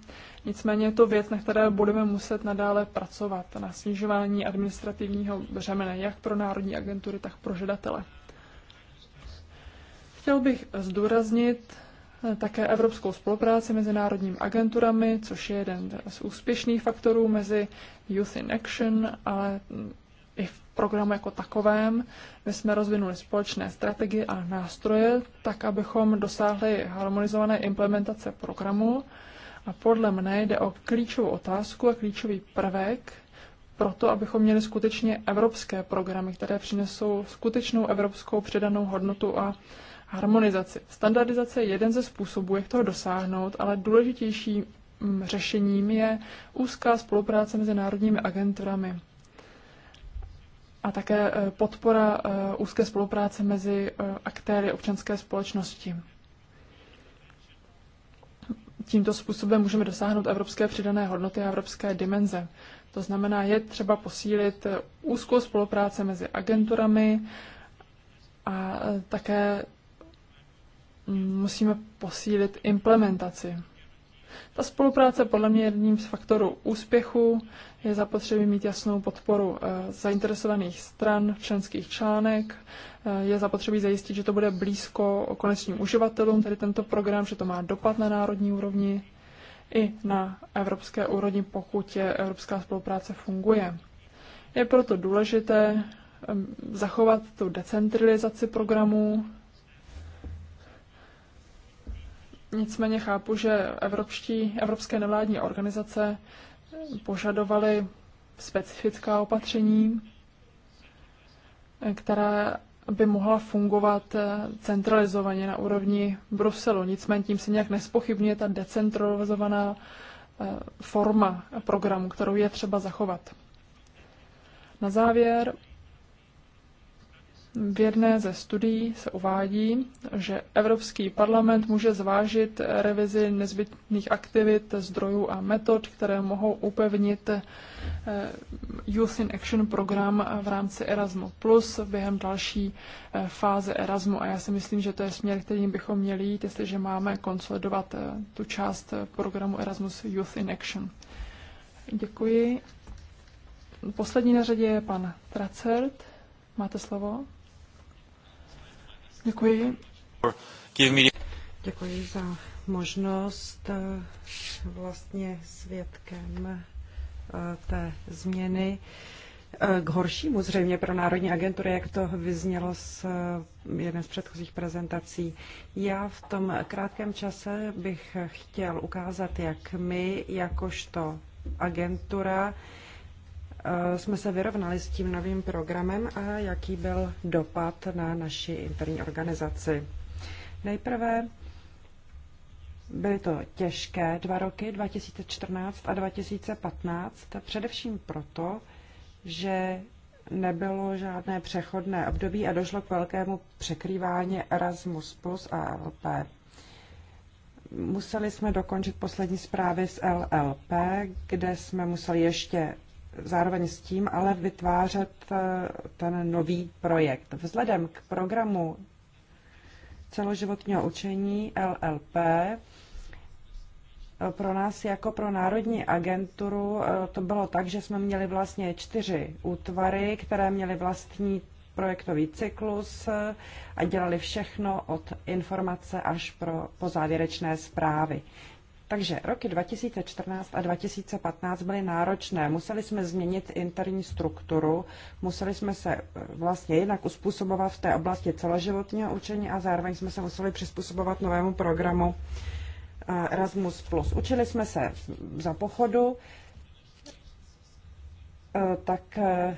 Nicméně je to věc, na které budeme muset nadále pracovat, na snižování administrativního břemene, jak pro národní agentury, tak pro žadatele. Chtěl bych zdůraznit eh, také evropskou spolupráci mezi národními agenturami, což je jeden z úspěšných faktorů mezi Youth in Action, ale mm, i v programu jako takovém. My jsme rozvinuli společné strategie a nástroje, tak abychom dosáhli harmonizované implementace programu a podle mne jde o klíčovou otázku a klíčový prvek pro to, abychom měli skutečně evropské programy, které přinesou skutečnou evropskou předanou hodnotu a harmonizaci. Standardizace je jeden ze způsobů, jak toho dosáhnout, ale důležitějším mm, řešením je úzká spolupráce mezi národními agenturami a také eh, podpora eh, úzké spolupráce mezi eh, aktéry občanské společnosti tímto způsobem můžeme dosáhnout evropské přidané hodnoty a evropské dimenze. To znamená, je třeba posílit eh, úzkou spolupráce mezi agenturami a eh, také mm, musíme posílit implementaci. Ta spolupráce podle mě je jedním z faktorů úspěchu. Je zapotřebí mít jasnou podporu eh, zainteresovaných stran, členských článek. Eh, je zapotřebí zajistit, že to bude blízko konečným uživatelům, tedy tento program, že to má dopad na národní úrovni i na evropské úrovni, pokud je evropská spolupráce funguje. Je proto důležité ehm, zachovat tu decentralizaci programů, Nicméně chápu, že evropští, evropské nevládní organizace požadovaly specifická opatření, která by mohla fungovat centralizovaně na úrovni Bruselu. Nicméně tím se nějak nespochybně ta decentralizovaná eh, forma programu, kterou je třeba zachovat. Na závěr v jedné ze studií se uvádí, že Evropský parlament může zvážit revizi nezbytných aktivit, zdrojů a metod, které mohou upevnit eh, Youth in Action program v rámci Erasmu Plus během další eh, fáze Erasmu. A já si myslím, že to je směr, kterým bychom měli jít, jestliže máme konsolidovat eh, tu část programu Erasmus Youth in Action. Děkuji. Poslední na řadě je pan Tracert. Máte slovo. Děkuji. Děkuji za možnost eh, vlastně svědkem eh, té změny eh, k horšímu zřejmě pro Národní agentury, jak to vyznělo z jedné z předchozích prezentací. Já v tom krátkém čase bych chtěl ukázat, jak my, jakožto agentura, Eh, jsme se vyrovnali s tím novým programem a jaký byl dopad na naši interní organizaci. Nejprve byly to těžké dva roky, 2014 a 2015, především proto, že nebylo žádné přechodné období a došlo k velkému překrývání Erasmus plus a LP. Museli jsme dokončit poslední zprávy z LLP, kde jsme museli ještě zároveň s tím ale vytvářet eh, ten nový projekt. Vzhledem k programu celoživotního učení LLP eh, pro nás jako pro Národní agenturu eh, to bylo tak, že jsme měli vlastně čtyři útvary, které měly vlastní projektový cyklus a dělali všechno od informace až pro, po závěrečné zprávy. Takže roky 2014 a 2015 byly náročné. Museli jsme změnit interní strukturu, museli jsme se eh, vlastně jinak uspůsobovat v té oblasti celoživotního učení a zároveň jsme se museli přizpůsobovat novému programu eh, Erasmus+. Učili jsme se za pochodu, Eh, tak eh,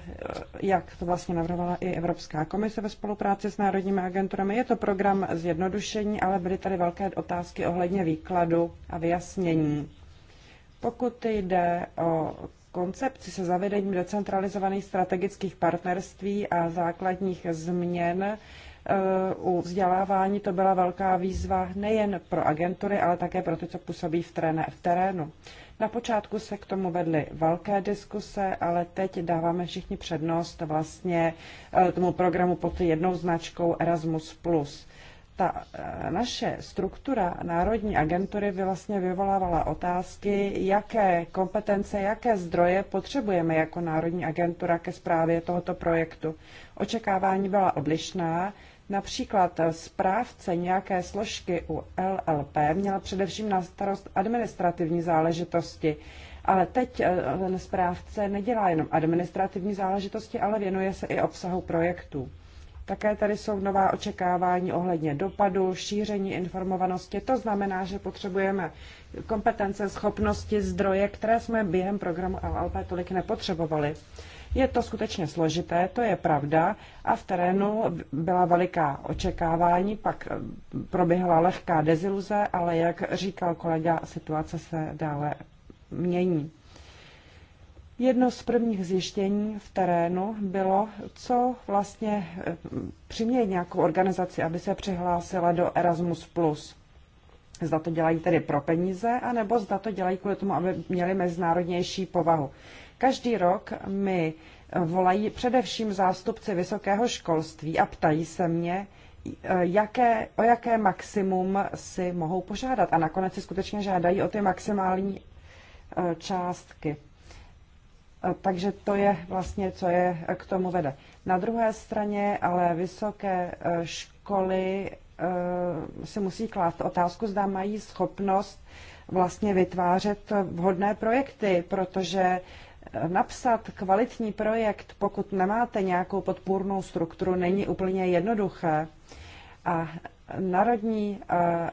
jak to vlastně navrhovala i Evropská komise ve spolupráci s národními agenturami. Je to program zjednodušení, ale byly tady velké otázky ohledně výkladu a vyjasnění. Pokud jde o koncepci se zavedením decentralizovaných strategických partnerství a základních změn Eh, u vzdělávání to byla velká výzva nejen pro agentury, ale také pro ty, co působí v terénu. Na počátku se k tomu vedly velké diskuse, ale teď dáváme všichni přednost vlastně eh, tomu programu pod jednou značkou Erasmus+. Ta eh, naše struktura Národní agentury vlastně vyvolávala otázky, jaké kompetence, jaké zdroje potřebujeme jako Národní agentura ke zprávě tohoto projektu. Očekávání byla odlišná, Například správce nějaké složky u LLP měl především na starost administrativní záležitosti, ale teď eh, ten správce nedělá jenom administrativní záležitosti, ale věnuje se i obsahu projektů. Také tady jsou nová očekávání ohledně dopadu, šíření informovanosti. To znamená, že potřebujeme kompetence, schopnosti, zdroje, které jsme během programu LLP tolik nepotřebovali. Je to skutečně složité, to je pravda. A v terénu byla veliká očekávání, pak eh, proběhla lehká deziluze, ale jak říkal kolega, situace se dále mění. Jedno z prvních zjištění v terénu bylo, co vlastně eh, přiměje nějakou organizaci, aby se přihlásila do Erasmus+. Zda to dělají tedy pro peníze, anebo zda to dělají kvůli tomu, aby měli mezinárodnější povahu. Každý rok mi volají především zástupci vysokého školství a ptají se mě, jaké, o jaké maximum si mohou požádat. A nakonec si skutečně žádají o ty maximální e, částky. E, takže to je vlastně, co je k tomu vede. Na druhé straně ale vysoké e, školy si musí klást otázku, zda mají schopnost vlastně vytvářet vhodné projekty, protože napsat kvalitní projekt, pokud nemáte nějakou podpůrnou strukturu, není úplně jednoduché. A národní eh,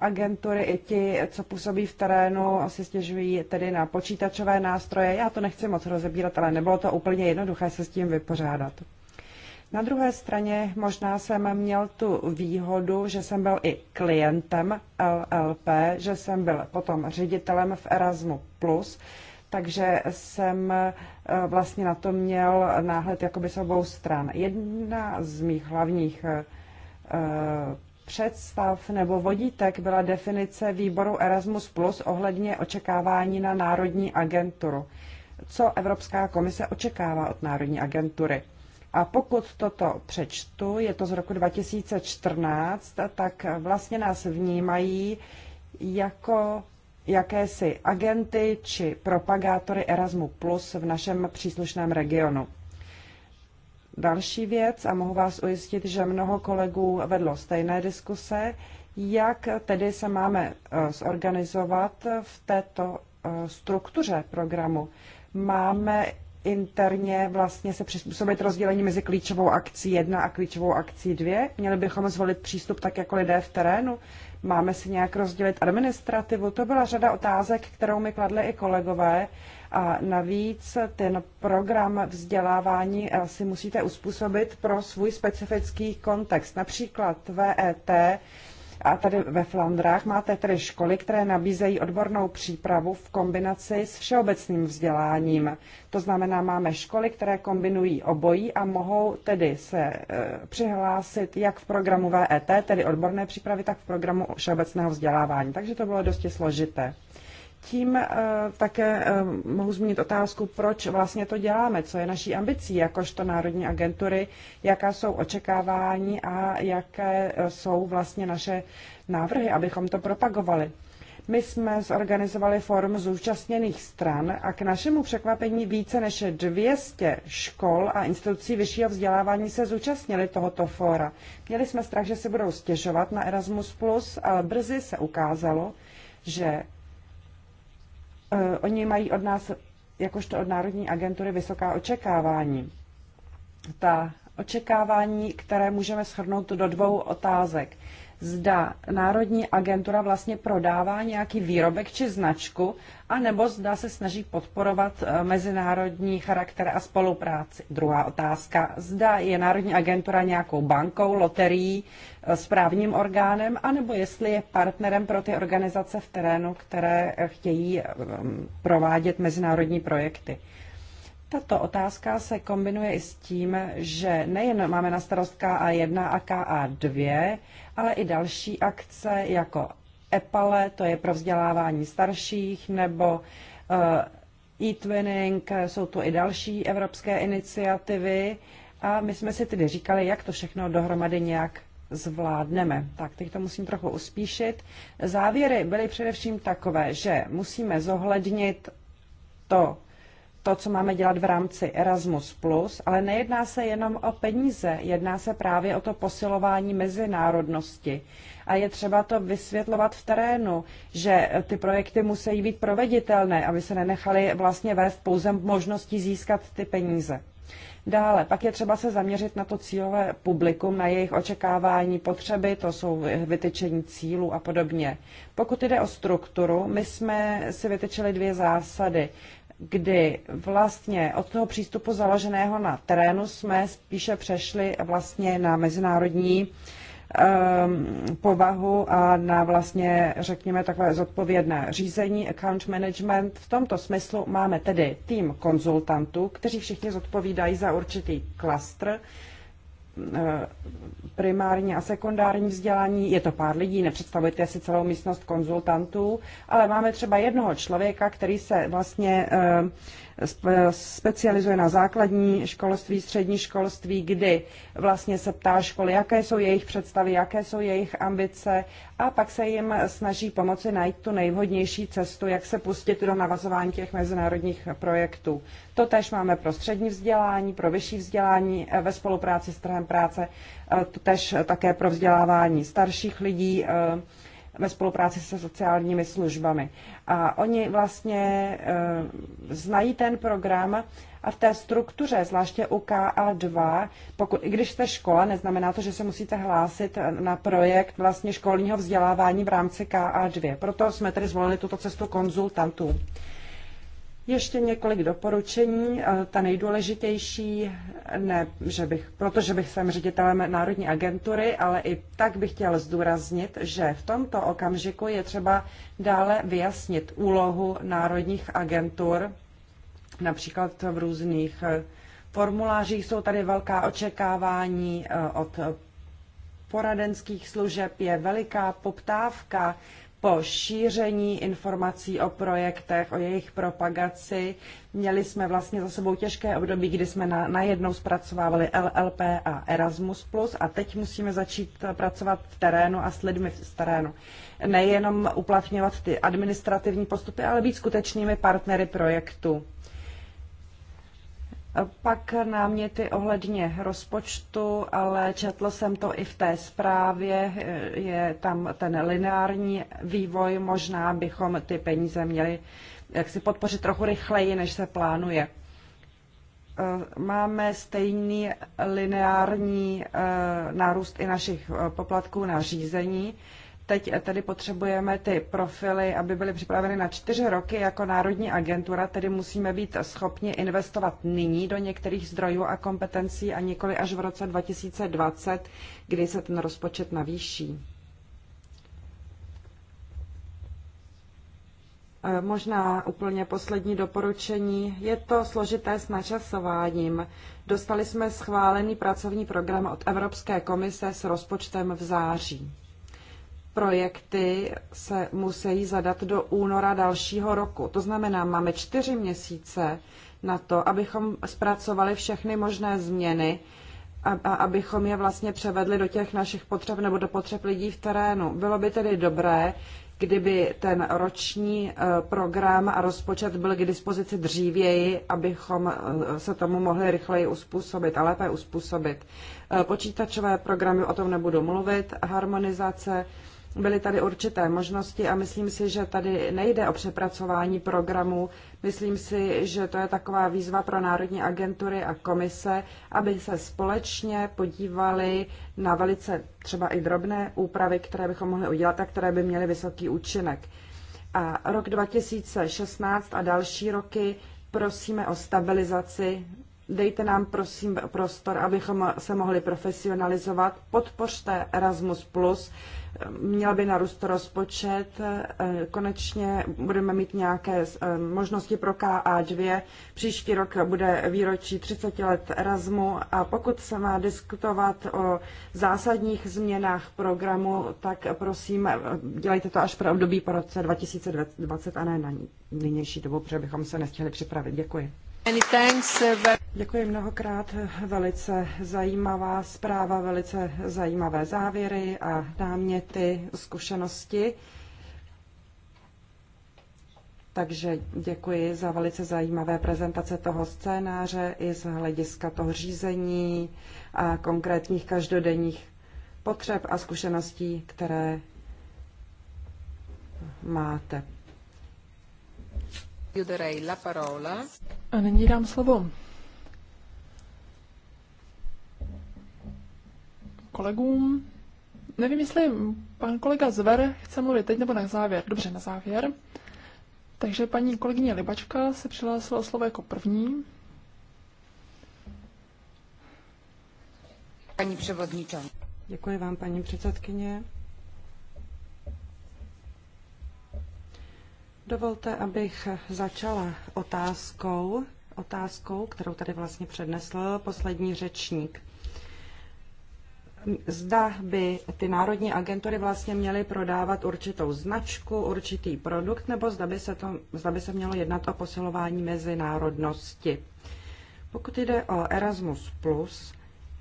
agentury i ti, co působí v terénu, si stěžují tedy na počítačové nástroje. Já to nechci moc rozebírat, ale nebylo to úplně jednoduché se s tím vypořádat. Na druhé straně možná jsem měl tu výhodu, že jsem byl i klientem LLP, že jsem byl potom ředitelem v Erasmu+, takže jsem e, vlastně na to měl náhled jakoby s obou stran. Jedna z mých hlavních e, e, představ nebo vodítek byla definice výboru Erasmus Plus ohledně očekávání na Národní agenturu. Co Evropská komise očekává od Národní agentury? A pokud toto přečtu, je to z roku 2014, tak vlastně nás vnímají jako jakési agenty či propagátory Erasmu Plus v našem příslušném regionu. Další věc, a mohu vás ujistit, že mnoho kolegů vedlo stejné diskuse, jak tedy se máme eh, zorganizovat v této eh, struktuře programu. Máme interně vlastně se přizpůsobit rozdělení mezi klíčovou akcí 1 a klíčovou akcí 2? Měli bychom zvolit přístup tak jako lidé v terénu? Máme si nějak rozdělit administrativu? To byla řada otázek, kterou mi kladly i kolegové. A navíc ten program vzdělávání eh, si musíte uspůsobit pro svůj specifický kontext. Například VET a tady ve Flandrách máte tedy školy, které nabízejí odbornou přípravu v kombinaci s všeobecným vzděláním. To znamená, máme školy, které kombinují obojí a mohou tedy se e, přihlásit jak v programu VET, tedy odborné přípravy, tak v programu všeobecného vzdělávání. Takže to bylo dosti složité tím eh, také eh, mohu zmínit otázku, proč vlastně to děláme, co je naší ambicí jakožto Národní agentury, jaká jsou očekávání a jaké eh, jsou vlastně naše návrhy, abychom to propagovali. My jsme zorganizovali forum zúčastněných stran a k našemu překvapení více než 200 škol a institucí vyššího vzdělávání se zúčastnili tohoto fóra. Měli jsme strach, že se budou stěžovat na Erasmus+, ale brzy se ukázalo, že Eh, oni mají od nás, jakožto od Národní agentury, vysoká očekávání. Ta očekávání, které můžeme shrnout do dvou otázek zda Národní agentura vlastně prodává nějaký výrobek či značku, anebo zda se snaží podporovat eh, mezinárodní charakter a spolupráci. Druhá otázka, zda je Národní agentura nějakou bankou, loterií, eh, správním orgánem, anebo jestli je partnerem pro ty organizace v terénu, které eh, chtějí mm, provádět mezinárodní projekty. Tato otázka se kombinuje i s tím, že nejen máme na starost KA1 a KA2, ale i další akce jako EPALE, to je pro vzdělávání starších, nebo eh, e-twinning, jsou tu i další evropské iniciativy a my jsme si tedy říkali, jak to všechno dohromady nějak zvládneme. Tak teď to musím trochu uspíšit. Závěry byly především takové, že musíme zohlednit to, to, co máme dělat v rámci Erasmus+, ale nejedná se jenom o peníze, jedná se právě o to posilování mezinárodnosti. A je třeba to vysvětlovat v terénu, že ty projekty musí být proveditelné, aby se nenechali vlastně vést pouze možností získat ty peníze. Dále, pak je třeba se zaměřit na to cílové publikum, na jejich očekávání, potřeby, to jsou vytyčení cílů a podobně. Pokud jde o strukturu, my jsme si vytyčili dvě zásady kdy vlastně od toho přístupu založeného na terénu jsme spíše přešli vlastně na mezinárodní um, povahu a na vlastně, řekněme, takové zodpovědné řízení, account management. V tomto smyslu máme tedy tým konzultantů, kteří všichni zodpovídají za určitý klastr Eh, primární a sekundární vzdělání. Je to pár lidí, nepředstavujte si celou místnost konzultantů, ale máme třeba jednoho člověka, který se vlastně eh, specializuje na základní školství, střední školství, kdy vlastně se ptá školy, jaké jsou jejich představy, jaké jsou jejich ambice a pak se jim snaží pomoci najít tu nejvhodnější cestu, jak se pustit do navazování těch mezinárodních projektů. To tež máme pro střední vzdělání, pro vyšší vzdělání eh, ve spolupráci s trhem práce, eh, to tež také pro vzdělávání starších lidí, eh, ve spolupráci se sociálními službami. A oni vlastně eh, znají ten program a v té struktuře, zvláště u KA2, pokud, i když jste škola, neznamená to, že se musíte hlásit na projekt vlastně školního vzdělávání v rámci KA2. Proto jsme tedy zvolili tuto cestu konzultantů. Ještě několik doporučení. Eh, ta nejdůležitější, ne, že bych, protože bych jsem ředitelem Národní agentury, ale i tak bych chtěl zdůraznit, že v tomto okamžiku je třeba dále vyjasnit úlohu národních agentur, například v různých eh, formulářích jsou tady velká očekávání eh, od poradenských služeb, je veliká poptávka po šíření informací o projektech, o jejich propagaci. Měli jsme vlastně za sebou těžké období, kdy jsme na, najednou zpracovávali LLP a Erasmus+, a teď musíme začít pracovat v terénu a s lidmi v terénu. Nejenom uplatňovat ty administrativní postupy, ale být skutečnými partnery projektu. Pak náměty ohledně rozpočtu, ale četl jsem to i v té zprávě, je tam ten lineární vývoj, možná bychom ty peníze měli jak si podpořit trochu rychleji, než se plánuje. Eh, máme stejný lineární eh, nárůst i našich eh, poplatků na řízení, Teď tedy potřebujeme ty profily, aby byly připraveny na čtyři roky jako národní agentura, tedy musíme být schopni investovat nyní do některých zdrojů a kompetencí a nikoli až v roce 2020, kdy se ten rozpočet navýší. Eh, možná úplně poslední doporučení. Je to složité s načasováním. Dostali jsme schválený pracovní program od Evropské komise s rozpočtem v září projekty se musí zadat do února dalšího roku. To znamená, máme čtyři měsíce na to, abychom zpracovali všechny možné změny a, a abychom je vlastně převedli do těch našich potřeb nebo do potřeb lidí v terénu. Bylo by tedy dobré, kdyby ten roční eh, program a rozpočet byl k dispozici dřívěji, abychom eh, se tomu mohli rychleji uspůsobit a lépe uspůsobit. Eh, počítačové programy o tom nebudu mluvit, harmonizace Byly tady určité možnosti a myslím si, že tady nejde o přepracování programů. Myslím si, že to je taková výzva pro národní agentury a komise, aby se společně podívali na velice třeba i drobné úpravy, které bychom mohli udělat a které by měly vysoký účinek. A rok 2016 a další roky prosíme o stabilizaci dejte nám prosím prostor, abychom se mohli profesionalizovat, podpořte Erasmus+, měl by narůst rozpočet. E, konečně budeme mít nějaké e, možnosti pro KA2. Příští rok bude výročí 30 let Erasmu a pokud se má diskutovat o zásadních změnách programu, tak prosím, e, dělejte to až pro období po roce 2020 a ne na nynější dobu, protože bychom se nestihli připravit. Děkuji. Uh, děkuji mnohokrát, velice zajímavá zpráva, velice zajímavé závěry a náměty, zkušenosti. Takže děkuji za velice zajímavé prezentace toho scénáře i z hlediska toho řízení a konkrétních každodenních potřeb a zkušeností, které máte. A nyní dám slovo kolegům. Nevím, jestli pan kolega Zver chce mluvit teď nebo na závěr. Dobře, na závěr. Takže paní kolegyně Libačka se přihlásila o slovo jako první. Paní převodničan. Děkuji vám, paní předsedkyně. Dovolte, abych začala otázkou, otázkou, kterou tady vlastně přednesl poslední řečník. Zda by ty národní agentury vlastně měly prodávat určitou značku, určitý produkt, nebo zda by se, to, zda by se mělo jednat o posilování mezinárodnosti. Pokud jde o Erasmus+,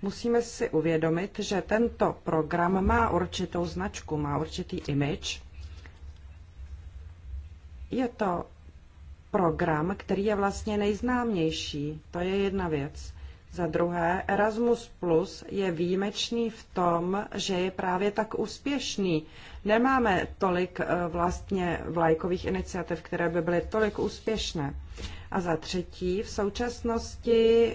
musíme si uvědomit, že tento program má určitou značku, má určitý image, je to program, který je vlastně nejznámější. To je jedna věc. Za druhé, Erasmus Plus je výjimečný v tom, že je právě tak úspěšný. Nemáme tolik eh, vlastně vlajkových iniciativ, které by byly tolik úspěšné. A za třetí, v současnosti,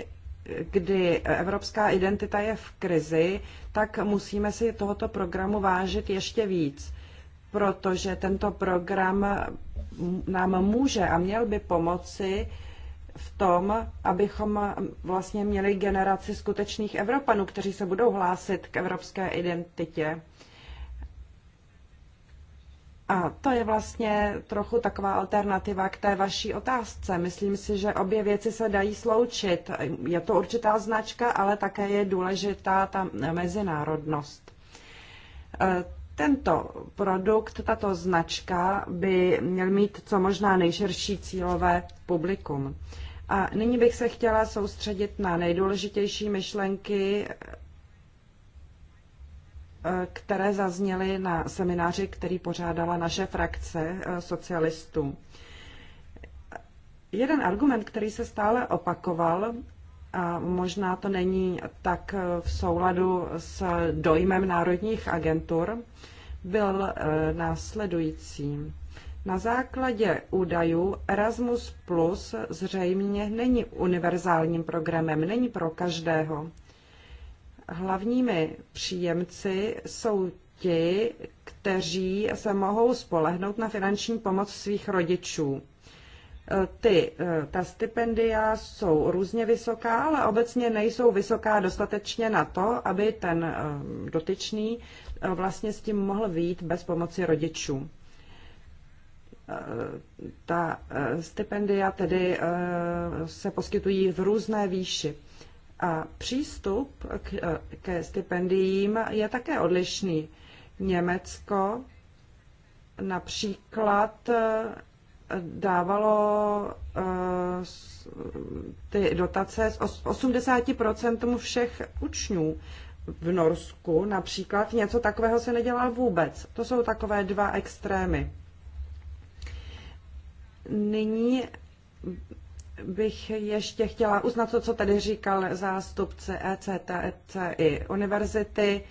kdy evropská identita je v krizi, tak musíme si tohoto programu vážit ještě víc, protože tento program nám může a měl by pomoci v tom, abychom vlastně měli generaci skutečných Evropanů, kteří se budou hlásit k evropské identitě. A to je vlastně trochu taková alternativa k té vaší otázce. Myslím si, že obě věci se dají sloučit. Je to určitá značka, ale také je důležitá ta mezinárodnost. Tento produkt, tato značka by měl mít co možná nejširší cílové publikum. A nyní bych se chtěla soustředit na nejdůležitější myšlenky, eh, které zazněly na semináři, který pořádala naše frakce eh, socialistů. Jeden argument, který se stále opakoval, a možná to není tak v souladu s dojmem národních agentur, byl eh, následující. Na základě údajů Erasmus Plus zřejmě není univerzálním programem, není pro každého. Hlavními příjemci jsou ti, kteří se mohou spolehnout na finanční pomoc svých rodičů. Eh, ty, eh, ta stipendia jsou různě vysoká, ale obecně nejsou vysoká dostatečně na to, aby ten eh, dotyčný vlastně s tím mohl výjít bez pomoci rodičů. Ta stipendia tedy se poskytují v různé výši. A přístup k, ke stipendiím je také odlišný. Německo například dávalo eh, ty dotace z 80% všech učňů v Norsku například něco takového se nedělá vůbec. To jsou takové dva extrémy. Nyní bych ještě chtěla uznat to, co tady říkal zástupce ECTC i univerzity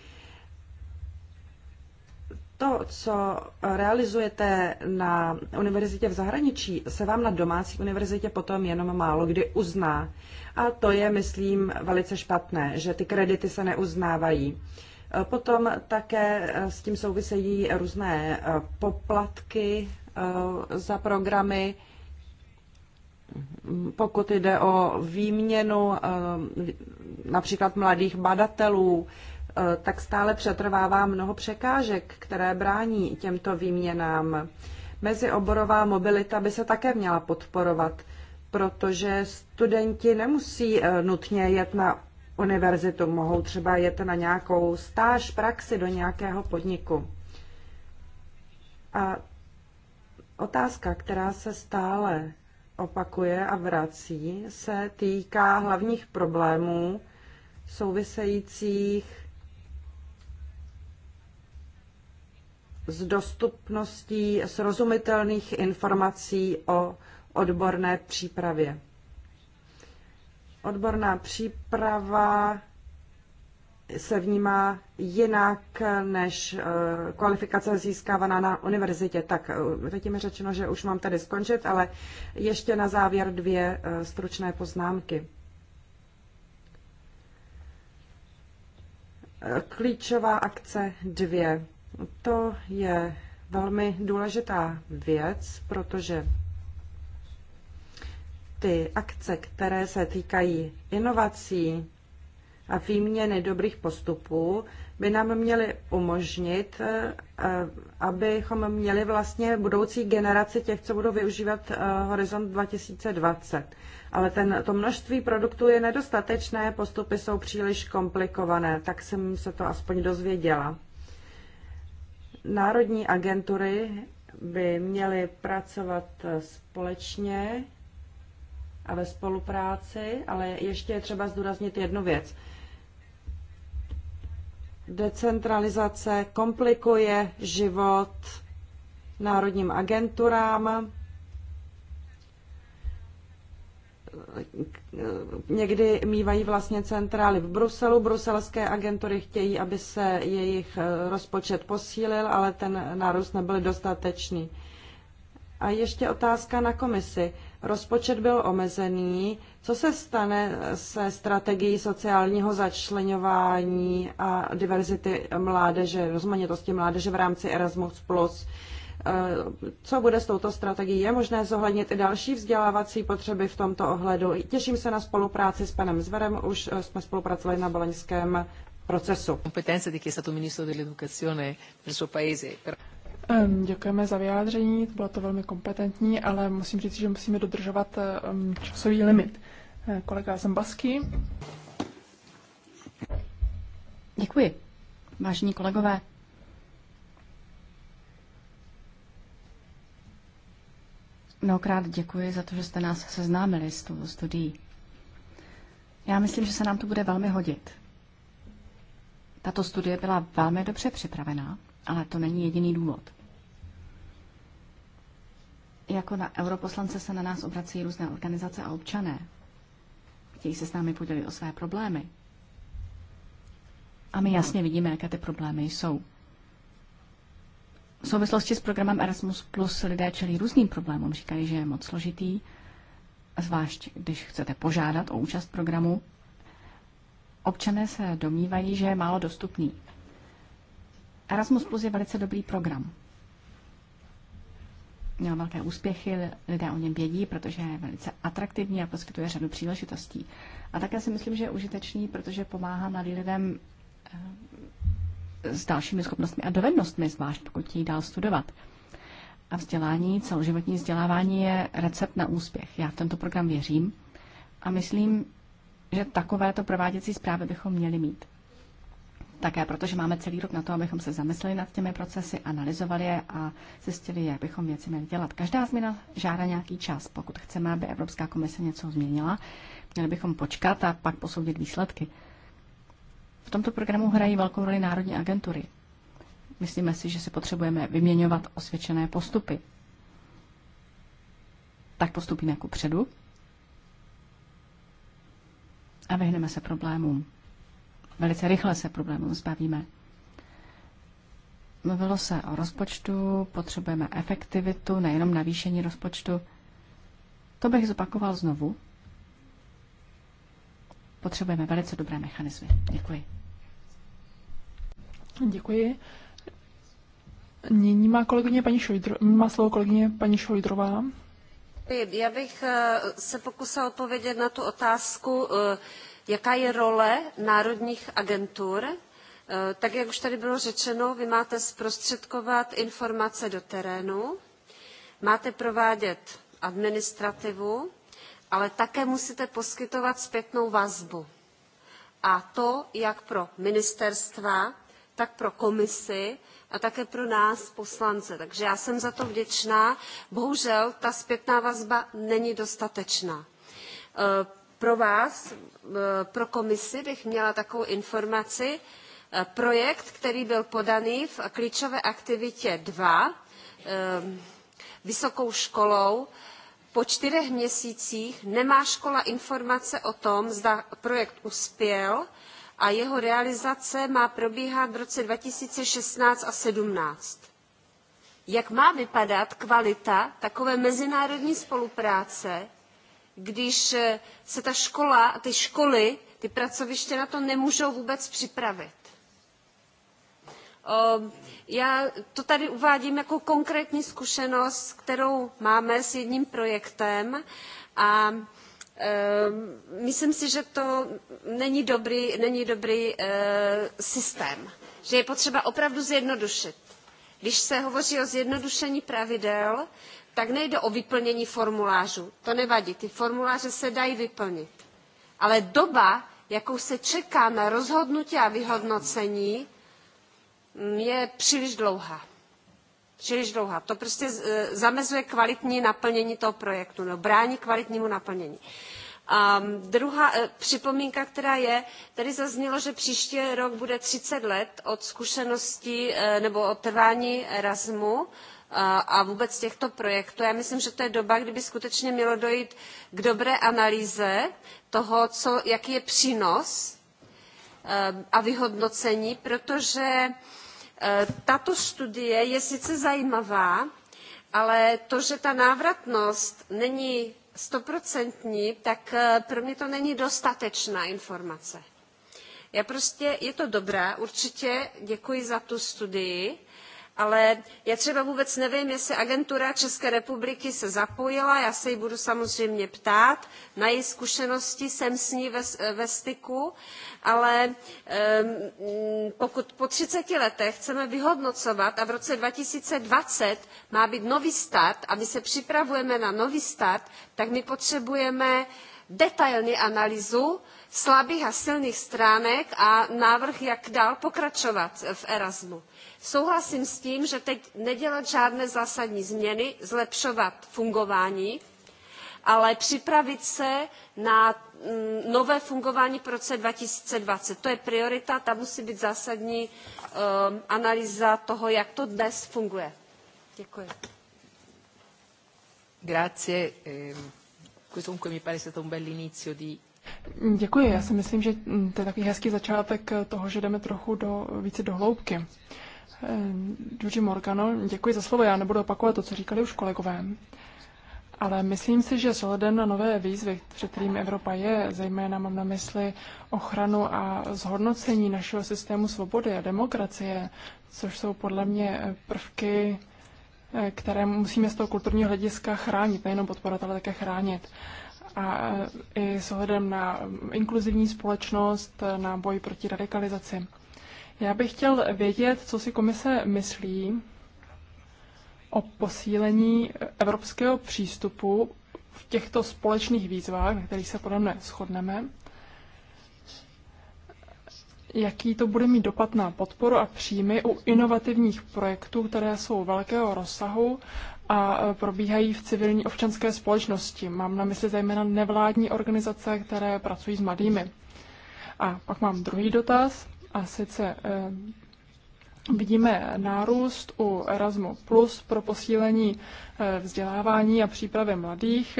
to, co realizujete na univerzitě v zahraničí, se vám na domácí univerzitě potom jenom málo kdy uzná. A to je, myslím, velice špatné, že ty kredity se neuznávají. Potom také eh, s tím souvisejí různé eh, poplatky eh, za programy. Pokud jde o výměnu například mladých badatelů, Eh, tak stále přetrvává mnoho překážek, které brání těmto výměnám. Mezioborová mobilita by se také měla podporovat, protože studenti nemusí eh, nutně jet na univerzitu, mohou třeba jet na nějakou stáž, praxi do nějakého podniku. A otázka, která se stále opakuje a vrací, se týká hlavních problémů souvisejících s dostupností srozumitelných informací o odborné přípravě. Odborná příprava se vnímá jinak než eh, kvalifikace získávaná na univerzitě. Tak eh, teď mi řečeno, že už mám tady skončit, ale ještě na závěr dvě eh, stručné poznámky. Klíčová akce dvě. To je velmi důležitá věc, protože ty akce, které se týkají inovací a výměny dobrých postupů, by nám měly umožnit, eh, abychom měli vlastně budoucí generaci těch, co budou využívat eh, Horizont 2020. Ale ten, to množství produktů je nedostatečné, postupy jsou příliš komplikované, tak jsem se to aspoň dozvěděla. Národní agentury by měly pracovat společně a ve spolupráci, ale ještě je třeba zdůraznit jednu věc. Decentralizace komplikuje život národním agenturám, někdy mývají vlastně centrály v Bruselu. Bruselské agentury chtějí, aby se jejich rozpočet posílil, ale ten nárůst nebyl dostatečný. A ještě otázka na komisi. Rozpočet byl omezený. Co se stane se strategií sociálního začlenování a diverzity mládeže, rozmanitosti mládeže v rámci Erasmus+. Eh, co bude s touto strategií. Je možné zohlednit i další vzdělávací potřeby v tomto ohledu. Těším se na spolupráci s panem Zverem, už eh, jsme spolupracovali na boloňském procesu. Děkujeme za vyjádření, bylo to velmi kompetentní, ale musím říct, že musíme dodržovat časový limit. Eh, kolega Zambasky. Děkuji. Vážení kolegové, Mnohokrát děkuji za to, že jste nás seznámili s touto studií. Já myslím, že se nám to bude velmi hodit. Tato studie byla velmi dobře připravená, ale to není jediný důvod. Jako na europoslance se na nás obrací různé organizace a občané. Chtějí se s námi podělit o své problémy. A my jasně vidíme, jaké ty problémy jsou. V souvislosti s programem Erasmus Plus lidé čelí různým problémům. Říkají, že je moc složitý, zvlášť když chcete požádat o účast programu. Občané se domnívají, že je málo dostupný. Erasmus Plus je velice dobrý program. Měl velké úspěchy, lidé o něm vědí, protože je velice atraktivní a poskytuje řadu příležitostí. A také si myslím, že je užitečný, protože pomáhá mladým lidem eh, s dalšími schopnostmi a dovednostmi, zvlášť pokud jí dál studovat. A vzdělání, celoživotní vzdělávání je recept na úspěch. Já v tento program věřím a myslím, že takovéto prováděcí zprávy bychom měli mít. Také protože máme celý rok na to, abychom se zamysleli nad těmi procesy, analyzovali je a zjistili, jak bychom věci měli dělat. Každá změna žádá nějaký čas. Pokud chceme, aby Evropská komise něco změnila, měli bychom počkat a pak posoudit výsledky. V tomto programu hrají velkou roli národní agentury. Myslíme si, že si potřebujeme vyměňovat osvědčené postupy. Tak postupíme ku jako předu a vyhneme se problémům. Velice rychle se problémům zbavíme. Mluvilo se o rozpočtu, potřebujeme efektivitu, nejenom navýšení rozpočtu. To bych zopakoval znovu, Potřebujeme velice dobré mechanizmy. Děkuji. Děkuji. Nyní má kolegyně paní Šojdro, má slovo kolegyně paní Šojdrová. Já bych eh, se pokusila odpovědět na tu otázku, eh, jaká je role národních agentur. Eh, tak, jak už tady bylo řečeno, vy máte zprostředkovat informace do terénu, máte provádět administrativu, ale také musíte poskytovat zpětnou vazbu. A to jak pro ministerstva, tak pro komisi a také pro nás poslance. Takže já jsem za to vděčná. Bohužel ta zpětná vazba není dostatečná. E, pro vás, e, pro komisi bych měla takovou informaci. E, projekt, který byl podaný v klíčové aktivitě 2 vysokou školou, po čtyřech měsících nemá škola informace o tom, zda projekt uspěl a jeho realizace má probíhat v roce 2016 a 2017. Jak má vypadat kvalita takové mezinárodní spolupráce, když eh, se ta škola, ty školy, ty pracoviště na to nemůžou vůbec připravit? Ehm, já to tady uvádím jako konkrétní zkušenost, kterou máme s jedním projektem a ehm, myslím si, že to není dobrý, není dobrý eh, systém, že je potřeba opravdu zjednodušit. Když se hovoří o zjednodušení pravidel, tak nejde o vyplnění formulářů. To nevadí, ty formuláře se dají vyplnit. Ale doba, jakou se čeká na rozhodnutí a vyhodnocení, je příliš dlouhá. Příliš dlouhá. To prostě eh, zamezuje kvalitní naplnění toho projektu, no, brání kvalitnímu naplnění. A ehm, druhá eh, připomínka, která je, tady zaznělo, že příští rok bude 30 let od zkušenosti eh, nebo od trvání Erasmu a vůbec těchto projektů. Já myslím, že to je doba, kdyby skutečně mělo dojít k dobré analýze toho, co, jaký je přínos ehm, a vyhodnocení, protože Eh, tato studie je sice zajímavá, ale to, že ta návratnost není stoprocentní, tak eh, pro mě to není dostatečná informace. prostě, je to dobré, určitě děkuji za tu studii, ale já třeba vůbec nevím, jestli agentura České republiky se zapojila, já se jí budu samozřejmě ptát, na její zkušenosti jsem s ní ve, styku, ale pokud po 30 letech chceme vyhodnocovat a v roce 2020 má být nový start a my se připravujeme na nový start, tak my potřebujeme detailní analýzu, slabých a silných stránek a návrh, jak dál pokračovat v Erasmu. Souhlasím s tím, že teď nedělat žádné zásadní změny, zlepšovat fungování, ale připravit se na mm, nové fungování v roce 2020. To je priorita, Ta musí být zásadní um, analýza toho, jak to dnes funguje. Děkuji. Grazie. Ehm, questo comunque mi pare stato un bell'inizio di Děkuji, já si myslím, že to je takový hezký začátek toho, že jdeme trochu do, více do hloubky. Judy eh, Morgano, děkuji za slovo. Já nebudu opakovat to, co říkali už kolegové. Ale myslím si, že vzhledem na nové výzvy, před kterými Evropa je, zejména mám na mysli ochranu a zhodnocení našeho systému svobody a demokracie, což jsou podle mě prvky, eh, které musíme z toho kulturního hlediska chránit, nejenom podporovat, ale také chránit a i s ohledem na inkluzivní společnost, na boj proti radikalizaci. Já bych chtěl vědět, co si komise myslí o posílení evropského přístupu v těchto společných výzvách, na kterých se podle mne shodneme, jaký to bude mít dopad na podporu a příjmy u inovativních projektů, které jsou velkého rozsahu a e, probíhají v civilní občanské společnosti. Mám na mysli zejména nevládní organizace, které pracují s mladými. A pak mám druhý dotaz, a sice e, Vidíme nárůst u Erasmus Plus pro posílení e, vzdělávání a přípravy mladých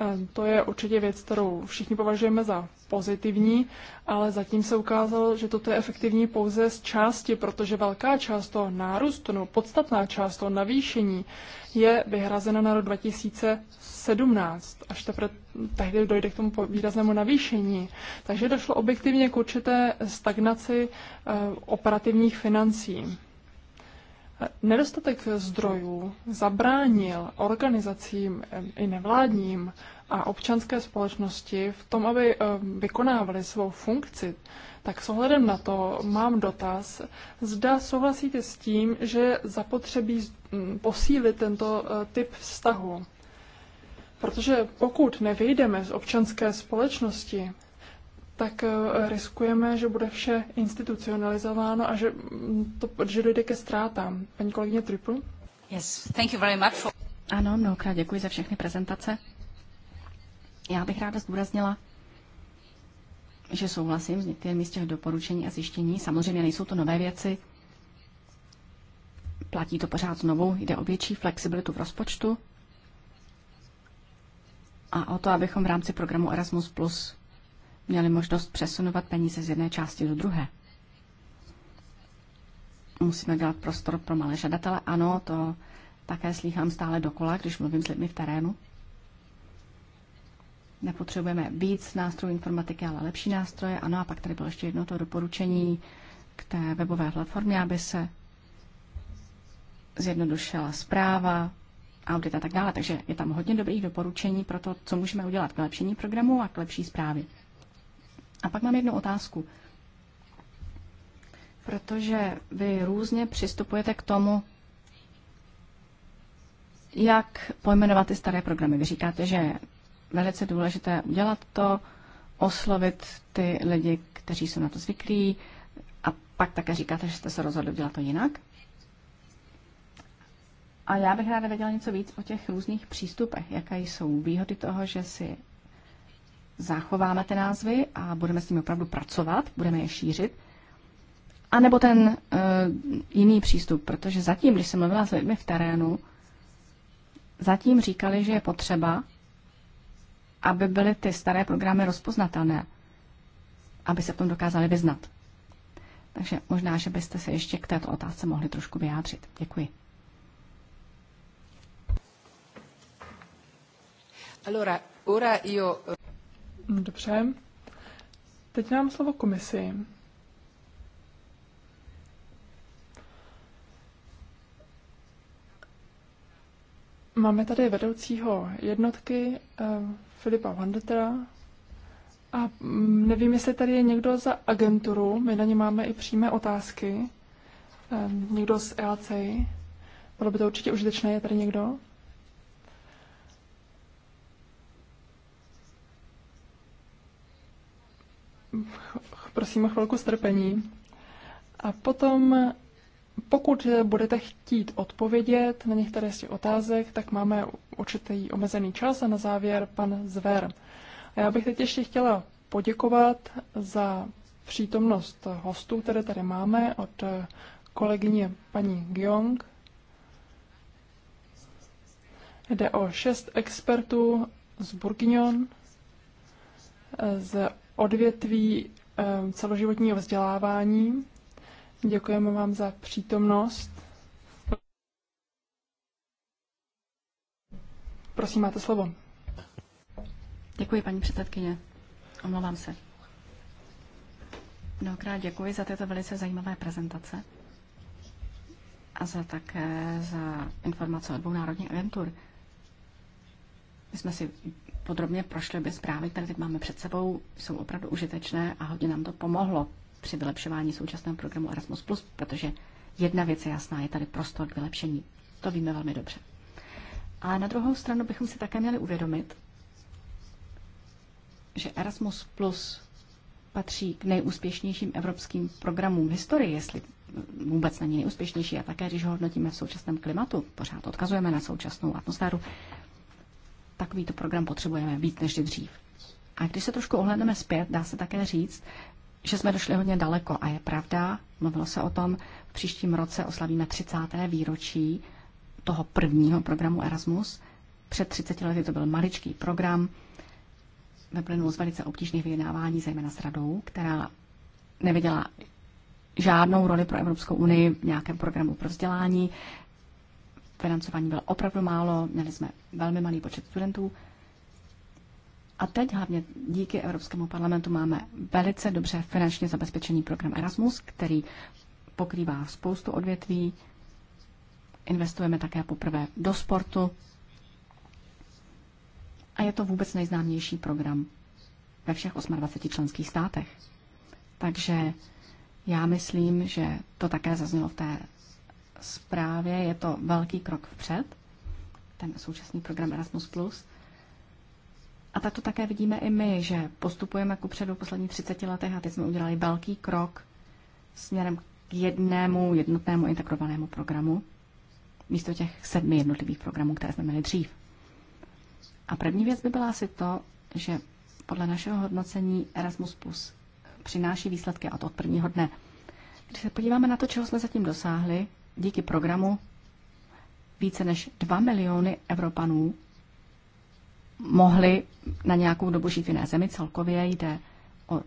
Eh, to je určitě věc, kterou všichni považujeme za pozitivní, ale zatím se ukázalo, že toto je efektivní pouze z části, protože velká část toho nárůstu, no, podstatná část toho navýšení je vyhrazena na rok 2017. Až teprve tehdy dojde k tomu výraznému navýšení. Takže došlo objektivně k určité stagnaci eh, operativních financí. Nedostatek zdrojů zabránil organizacím i nevládním a občanské společnosti v tom, aby eh, vykonávali svou funkci. Tak s ohledem na to mám dotaz, zda souhlasíte s tím, že zapotřebí mm, posílit tento eh, typ vztahu. Protože pokud nevyjdeme z občanské společnosti, tak eh, riskujeme, že bude vše institucionalizováno a že, mm, to, že dojde ke ztrátám. Paní kolegyně Triple? Yes, thank you very much for... Ano, mnohokrát děkuji za všechny prezentace. Já bych ráda zdůraznila, že souhlasím s některými z těch doporučení a zjištění. Samozřejmě nejsou to nové věci. Platí to pořád znovu. Jde o větší flexibilitu v rozpočtu a o to, abychom v rámci programu Erasmus Plus měli možnost přesunovat peníze z jedné části do druhé. Musíme dělat prostor pro malé žadatele. Ano, to také slýchám stále dokola, když mluvím s lidmi v terénu. Nepotřebujeme víc nástrojů informatiky, ale lepší nástroje. Ano, a pak tady bylo ještě jedno to doporučení k té webové platformě, aby se zjednodušila zpráva, audit a tak dále. Takže je tam hodně dobrých doporučení pro to, co můžeme udělat k lepšení programu a k lepší zprávě. A pak mám jednu otázku. Protože vy různě přistupujete k tomu, jak pojmenovat ty staré programy. Vy říkáte, že je velice důležité udělat to, oslovit ty lidi, kteří jsou na to zvyklí, a pak také říkáte, že jste se rozhodli udělat to jinak. A já bych ráda věděla něco víc o těch různých přístupech, jaké jsou výhody toho, že si zachováme ty názvy a budeme s nimi opravdu pracovat, budeme je šířit, a nebo ten uh, jiný přístup, protože zatím, když jsem mluvila s lidmi v terénu, zatím říkali, že je potřeba, aby byly ty staré programy rozpoznatelné, aby se v tom dokázali vyznat. Takže možná, že byste se ještě k této otázce mohli trošku vyjádřit. Děkuji. Allora, ora io... Dobře. Teď mám slovo komisi. Máme tady vedoucího jednotky eh, Filipa Vandetera a mm, nevím, jestli tady je někdo za agenturu, my na ně máme i přímé otázky, eh, někdo z EAC. Bylo by to určitě užitečné, je tady někdo? prosím o chvilku strpení. A potom, pokud budete chtít odpovědět na některé z těch otázek, tak máme určitý omezený čas a na závěr pan Zver. A já bych teď ještě chtěla poděkovat za přítomnost hostů, které tady máme od kolegyně paní Gyong. Jde o šest expertů z Burgignon, z odvětví eh, celoživotního vzdělávání. Děkujeme vám za přítomnost. Prosím, máte slovo. Děkuji, paní předsedkyně. Omlouvám se. Mnohokrát děkuji za tyto velice zajímavé prezentace a za také za informace od dvou národních agentur. My jsme si podrobně prošli obě zprávy, které teď máme před sebou, jsou opravdu užitečné a hodně nám to pomohlo při vylepšování současného programu Erasmus+, protože jedna věc je jasná, je tady prostor k vylepšení. To víme velmi dobře. A na druhou stranu bychom si také měli uvědomit, že Erasmus Plus patří k nejúspěšnějším evropským programům v historii, jestli vůbec není nejúspěšnější a také, když ho hodnotíme v současném klimatu, pořád odkazujeme na současnou atmosféru, takovýto program potřebujeme víc než dřív. A když se trošku ohledneme zpět, dá se také říct, že jsme došli hodně daleko a je pravda, mluvilo se o tom, v příštím roce oslavíme 30. výročí toho prvního programu Erasmus. Před 30 lety to byl maličký program, vyplynul z velice obtížných vyjednávání, zejména s radou, která neviděla žádnou roli pro Evropskou unii v nějakém programu pro vzdělání financování bylo opravdu málo, měli jsme velmi malý počet studentů. A teď hlavně díky Evropskému parlamentu máme velice dobře finančně zabezpečený program Erasmus, který pokrývá spoustu odvětví. Investujeme také poprvé do sportu. A je to vůbec nejznámější program ve všech 28 členských státech. Takže já myslím, že to také zaznělo v té zprávě je to velký krok vpřed, ten současný program Erasmus+. A tak to také vidíme i my, že postupujeme ku předu poslední 30 letech a teď jsme udělali velký krok směrem k jednému jednotnému integrovanému programu, místo těch sedmi jednotlivých programů, které jsme měli dřív. A první věc by byla asi to, že podle našeho hodnocení Erasmus Plus přináší výsledky a to od prvního dne. Když se podíváme na to, čeho jsme zatím dosáhli, Díky programu více než 2 miliony Evropanů mohli na nějakou dobu žít v jiné zemi. Celkově jde o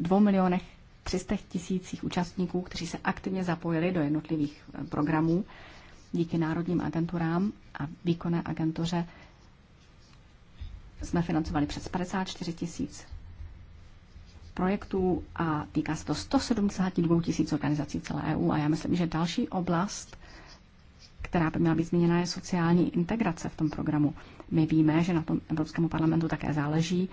2 milionech 300 tisících účastníků, kteří se aktivně zapojili do jednotlivých eh, programů díky národním agenturám a výkonné agentuře jsme financovali přes 54 tisíc projektů a týká se to 172 tisíc organizací celé EU. A já myslím, že další oblast, která by měla být zmíněna, je sociální integrace v tom programu. My víme, že na tom Evropskému parlamentu také záleží.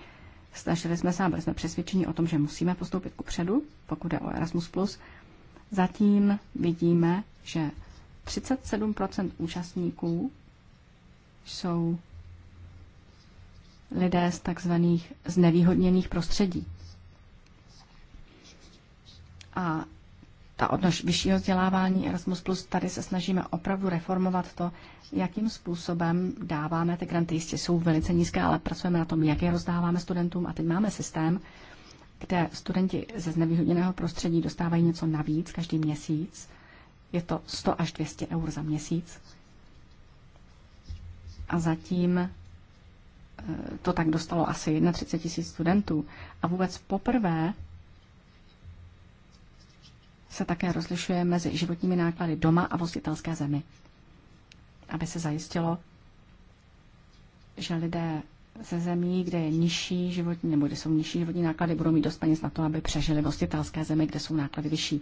Snažili jsme se a byli jsme přesvědčeni o tom, že musíme postoupit ku předu, pokud je o Erasmus. Zatím vidíme, že 37 účastníků jsou lidé z takzvaných znevýhodněných prostředí. A ta odnož vyššího vzdělávání Erasmus+, Plus, tady se snažíme opravdu reformovat to, jakým způsobem dáváme ty granty. Jistě jsou velice nízké, ale pracujeme na tom, jak je rozdáváme studentům. A teď máme systém, kde studenti ze znevýhodněného prostředí dostávají něco navíc každý měsíc. Je to 100 až 200 eur za měsíc. A zatím eh, to tak dostalo asi 31 tisíc studentů. A vůbec poprvé se také rozlišuje mezi životními náklady doma a v hostitelské zemi, aby se zajistilo, že lidé ze zemí, kde je nižší životní, nebo kde jsou nižší životní náklady, budou mít dost peněz na to, aby přežili v hostitelské zemi, kde jsou náklady vyšší.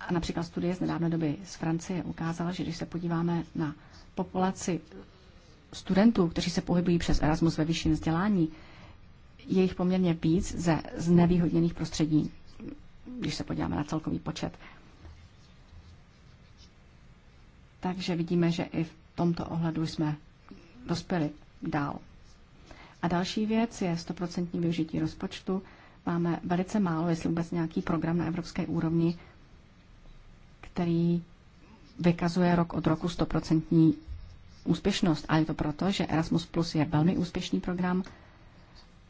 A například studie z nedávné doby z Francie ukázala, že když se podíváme na populaci studentů, kteří se pohybují přes Erasmus ve vyšším vzdělání, je jich poměrně víc ze znevýhodněných prostředí když se podíváme na celkový počet. Takže vidíme, že i v tomto ohledu jsme dospěli dál. A další věc je stoprocentní využití rozpočtu. Máme velice málo, jestli vůbec nějaký program na evropské úrovni, který vykazuje rok od roku stoprocentní úspěšnost. A je to proto, že Erasmus Plus je velmi úspěšný program,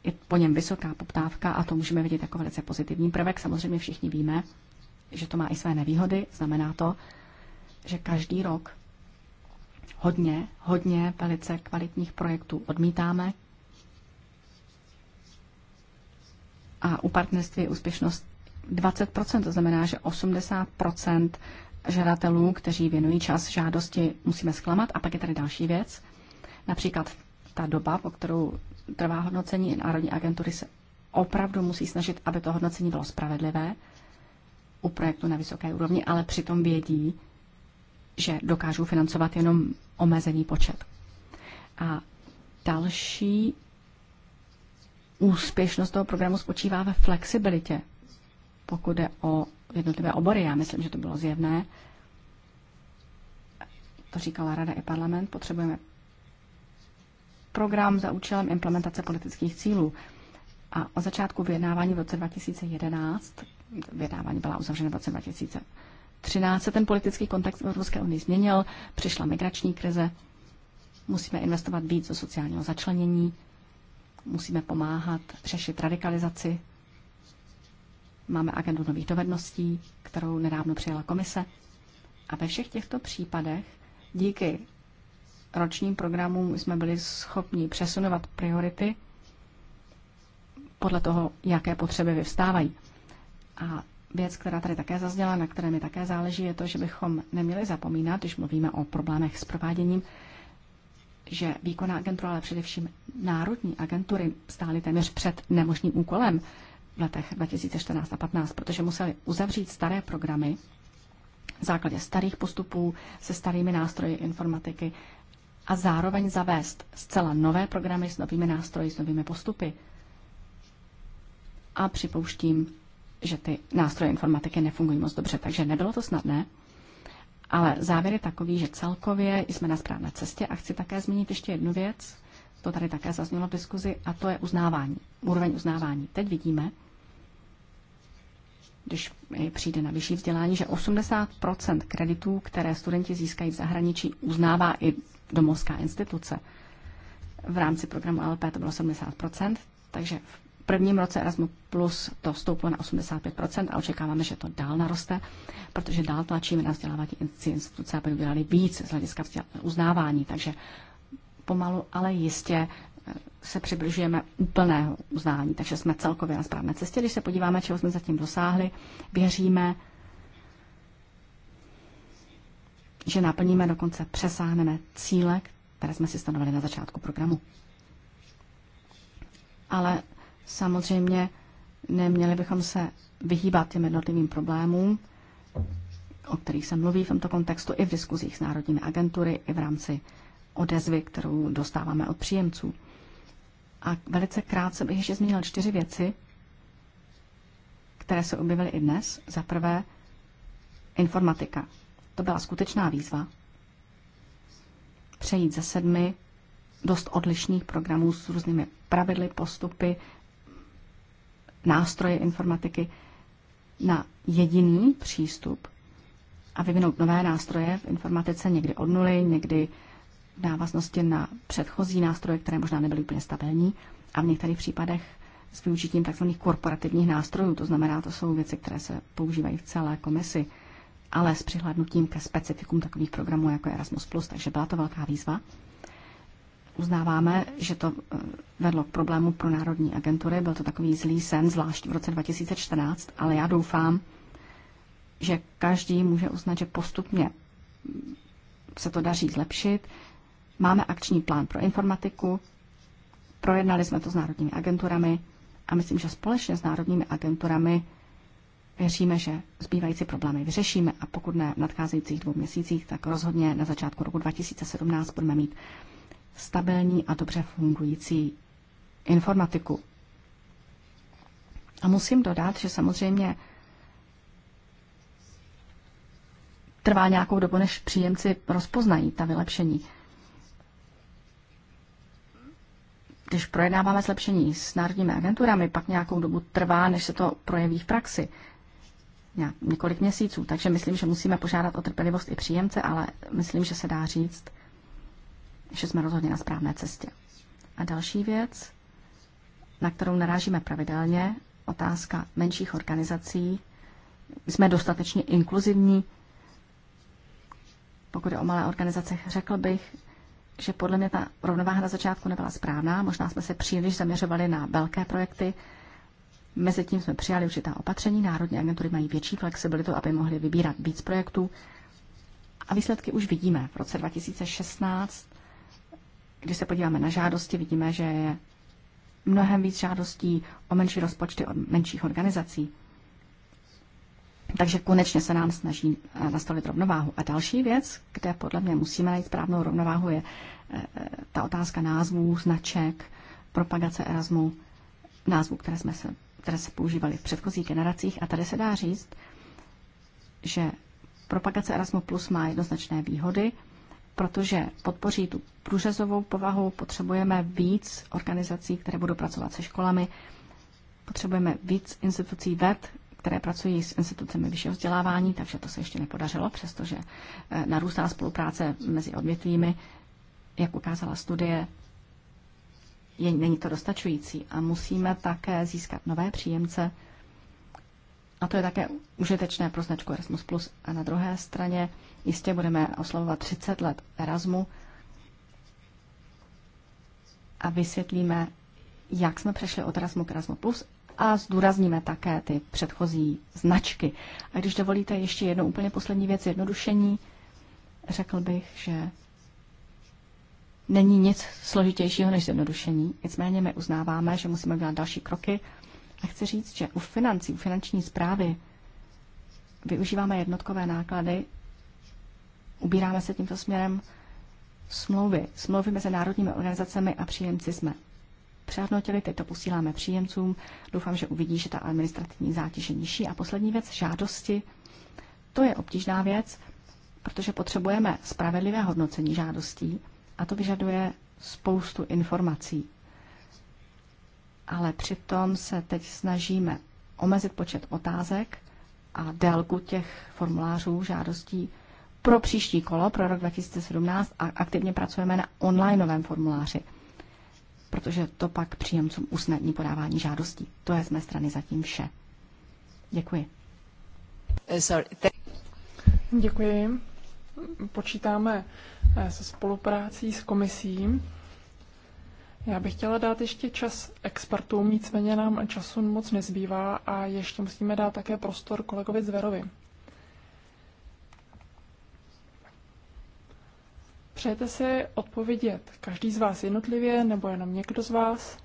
je po něm vysoká poptávka a to můžeme vidět jako velice pozitivní prvek. Samozřejmě všichni víme, že to má i své nevýhody. Znamená to, že každý rok hodně, hodně velice kvalitních projektů odmítáme. A u partnerství je úspěšnost 20%, to znamená, že 80% žadatelů, kteří věnují čas žádosti, musíme zklamat. A pak je tady další věc, například ta doba, po kterou trvá hodnocení, národní agentury se opravdu musí snažit, aby to hodnocení bylo spravedlivé u projektu na vysoké úrovni, ale přitom vědí, že dokážou financovat jenom omezený počet. A další úspěšnost toho programu spočívá ve flexibilitě, pokud jde o jednotlivé obory. Já myslím, že to bylo zjevné. To říkala Rada i parlament. Potřebujeme program za účelem implementace politických cílů. A o začátku vyjednávání v roce 2011, vyjednávání byla uzavřena v roce 2013, se ten politický kontext v Evropské unii změnil, přišla migrační krize, musíme investovat víc do sociálního začlenění, musíme pomáhat řešit radikalizaci, máme agendu nových dovedností, kterou nedávno přijala komise. A ve všech těchto případech díky ročním programu jsme byli schopni přesunovat priority podle toho, jaké potřeby vyvstávají. A věc, která tady také zazněla, na které mi také záleží, je to, že bychom neměli zapomínat, když mluvíme o problémech s prováděním, že výkonná agentura, ale především národní agentury stály téměř před nemožným úkolem v letech 2014 a 2015, protože museli uzavřít staré programy v základě starých postupů se starými nástroji informatiky a zároveň zavést zcela nové programy s novými nástroji, s novými postupy. A připouštím, že ty nástroje informatiky nefungují moc dobře, takže nebylo to snadné. Ale závěr je takový, že celkově jsme na správné cestě a chci také zmínit ještě jednu věc, to tady také zaznělo v diskuzi, a to je uznávání, úroveň uznávání. Teď vidíme, když přijde na vyšší vzdělání, že 80 kreditů, které studenti získají v zahraničí, uznává i domovská instituce. V rámci programu LP to bylo 70 takže v prvním roce Erasmus Plus to stouplo na 85 a očekáváme, že to dál naroste, protože dál tlačíme na vzdělávací instituce, aby udělali víc z hlediska uznávání. Takže pomalu, ale jistě eh, se přibližujeme úplného uznání, takže jsme celkově na správné cestě. Když se podíváme, čeho jsme zatím dosáhli, věříme, že naplníme, dokonce přesáhneme cíle, které jsme si stanovili na začátku programu. Ale samozřejmě neměli bychom se vyhýbat těm jednotlivým problémům, o kterých se mluví v tomto kontextu i v diskuzích s národními agentury, i v rámci odezvy, kterou dostáváme od příjemců. A velice krátce bych ještě zmínil čtyři věci, které se objevily i dnes. Za prvé, informatika. To byla skutečná výzva. Přejít ze sedmi dost odlišných programů s různými pravidly, postupy, nástroje informatiky na jediný přístup a vyvinout nové nástroje v informatice někdy od nuly, někdy v návaznosti na předchozí nástroje, které možná nebyly úplně stabilní a v některých případech s využitím tzv. korporativních nástrojů. To znamená, to jsou věci, které se používají v celé komisi ale s přihlednutím ke specifikům takových programů jako Erasmus+, takže byla to velká výzva. Uznáváme, že to eh, vedlo k problému pro národní agentury, byl to takový zlý sen, zvlášť v roce 2014, ale já doufám, že každý může uznat, že postupně se to daří zlepšit. Máme akční plán pro informatiku, projednali jsme to s národními agenturami a myslím, že společně s národními agenturami Věříme, že zbývající problémy vyřešíme a pokud ne v nadcházejících dvou měsících, tak rozhodně na začátku roku 2017 budeme mít stabilní a dobře fungující informatiku. A musím dodat, že samozřejmě trvá nějakou dobu, než příjemci rozpoznají ta vylepšení. Když projednáváme zlepšení s národními agenturami, pak nějakou dobu trvá, než se to projeví v praxi několik měsíců, takže myslím, že musíme požádat o trpělivost i příjemce, ale myslím, že se dá říct, že jsme rozhodně na správné cestě. A další věc, na kterou narážíme pravidelně, otázka menších organizací. Jsme dostatečně inkluzivní. Pokud je o malé organizace, řekl bych, že podle mě ta rovnováha na začátku nebyla správná. Možná jsme se příliš zaměřovali na velké projekty Mezitím jsme přijali určitá opatření. Národní agentury mají větší flexibilitu, aby mohly vybírat víc projektů. A výsledky už vidíme. V roce 2016, když se podíváme na žádosti, vidíme, že je mnohem víc žádostí o menší rozpočty od menších organizací. Takže konečně se nám snaží eh, nastavit rovnováhu. A další věc, kde podle mě musíme najít správnou rovnováhu, je eh, eh, ta otázka názvů, značek, propagace Erasmu, názvů, které jsme se které se používaly v předchozích generacích. A tady se dá říct, že propagace Erasmus Plus má jednoznačné výhody, protože podpoří tu průřezovou povahu, potřebujeme víc organizací, které budou pracovat se školami, potřebujeme víc institucí VED, které pracují s institucemi vyššího vzdělávání, takže to se ještě nepodařilo, přestože eh, narůstá spolupráce mezi odvětvími, jak ukázala studie, je, není to dostačující a musíme také získat nové příjemce. A to je také užitečné pro značku Erasmus+. A na druhé straně jistě budeme oslavovat 30 let Erasmu a vysvětlíme, jak jsme přešli od Erasmu k Erasmu+, a zdůrazníme také ty předchozí značky. A když dovolíte ještě jednu úplně poslední věc, jednodušení, řekl bych, že Není nic složitějšího než zjednodušení, nicméně my uznáváme, že musíme dělat další kroky. A chci říct, že u financí, u finanční zprávy využíváme jednotkové náklady, ubíráme se tímto směrem smlouvy, smlouvy mezi národními organizacemi a příjemci jsme přehodnotili, teď to posíláme příjemcům, doufám, že uvidí, že ta administrativní zátěž je nižší. A poslední věc, žádosti, to je obtížná věc, protože potřebujeme spravedlivé hodnocení žádostí, a to vyžaduje spoustu informací. Ale přitom se teď snažíme omezit počet otázek a délku těch formulářů žádostí pro příští kolo, pro rok 2017 a aktivně pracujeme na onlineovém formuláři, protože to pak příjemcům usnadní podávání žádostí. To je z mé strany zatím vše. Děkuji. Eh, sorry. Děkuji počítáme eh, se spoluprácí s komisí. Já bych chtěla dát ještě čas expertům, nicméně nám času moc nezbývá a ještě musíme dát také prostor kolegovi Zverovi. Přejete si odpovědět každý z vás jednotlivě nebo jenom někdo z vás?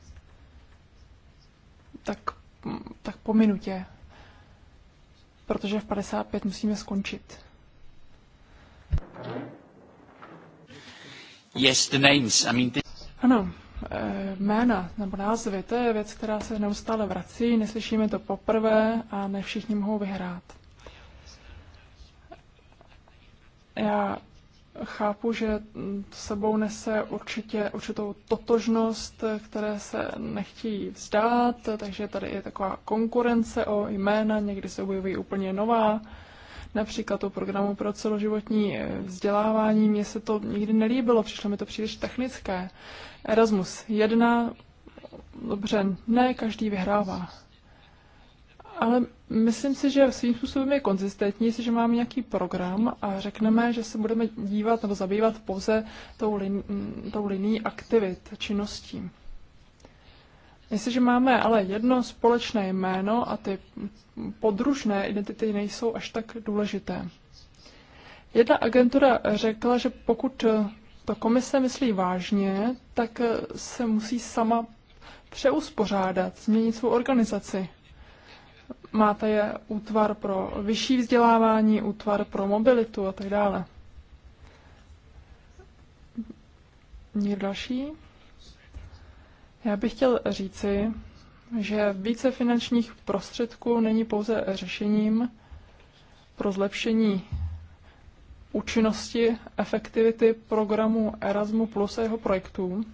Tak, mm, tak po minutě, protože v 55 musíme skončit. Yes, the names. I mean, Ano, eh, jména nebo názvy, to je věc, která se neustále vrací, neslyšíme to poprvé a ne všichni mohou vyhrát. Já chápu, že sebou nese určitě určitou totožnost, které se nechtějí vzdát, takže tady je taková konkurence o jména, někdy se objeví úplně nová například o programu pro celoživotní eh, vzdělávání. Mně se to nikdy nelíbilo, přišlo mi to příliš technické. Erasmus 1, dobře, ne každý vyhrává. Ale myslím si, že svým způsobem je konzistentní, že máme nějaký program a řekneme, že se budeme dívat nebo zabývat pouze tou, lin, tou linií aktivit, činností. Jestliže máme ale jedno společné jméno a ty podružné identity nejsou až tak důležité. Jedna agentura řekla, že pokud to komise myslí vážně, tak se musí sama přeuspořádat, změnit svou organizaci. Máte je útvar pro vyšší vzdělávání, útvar pro mobilitu a tak dále. Někdo další? Já bych chtěl říci, že více finančních prostředků není pouze řešením pro zlepšení účinnosti, efektivity programu Erasmus Plus a jeho projektů.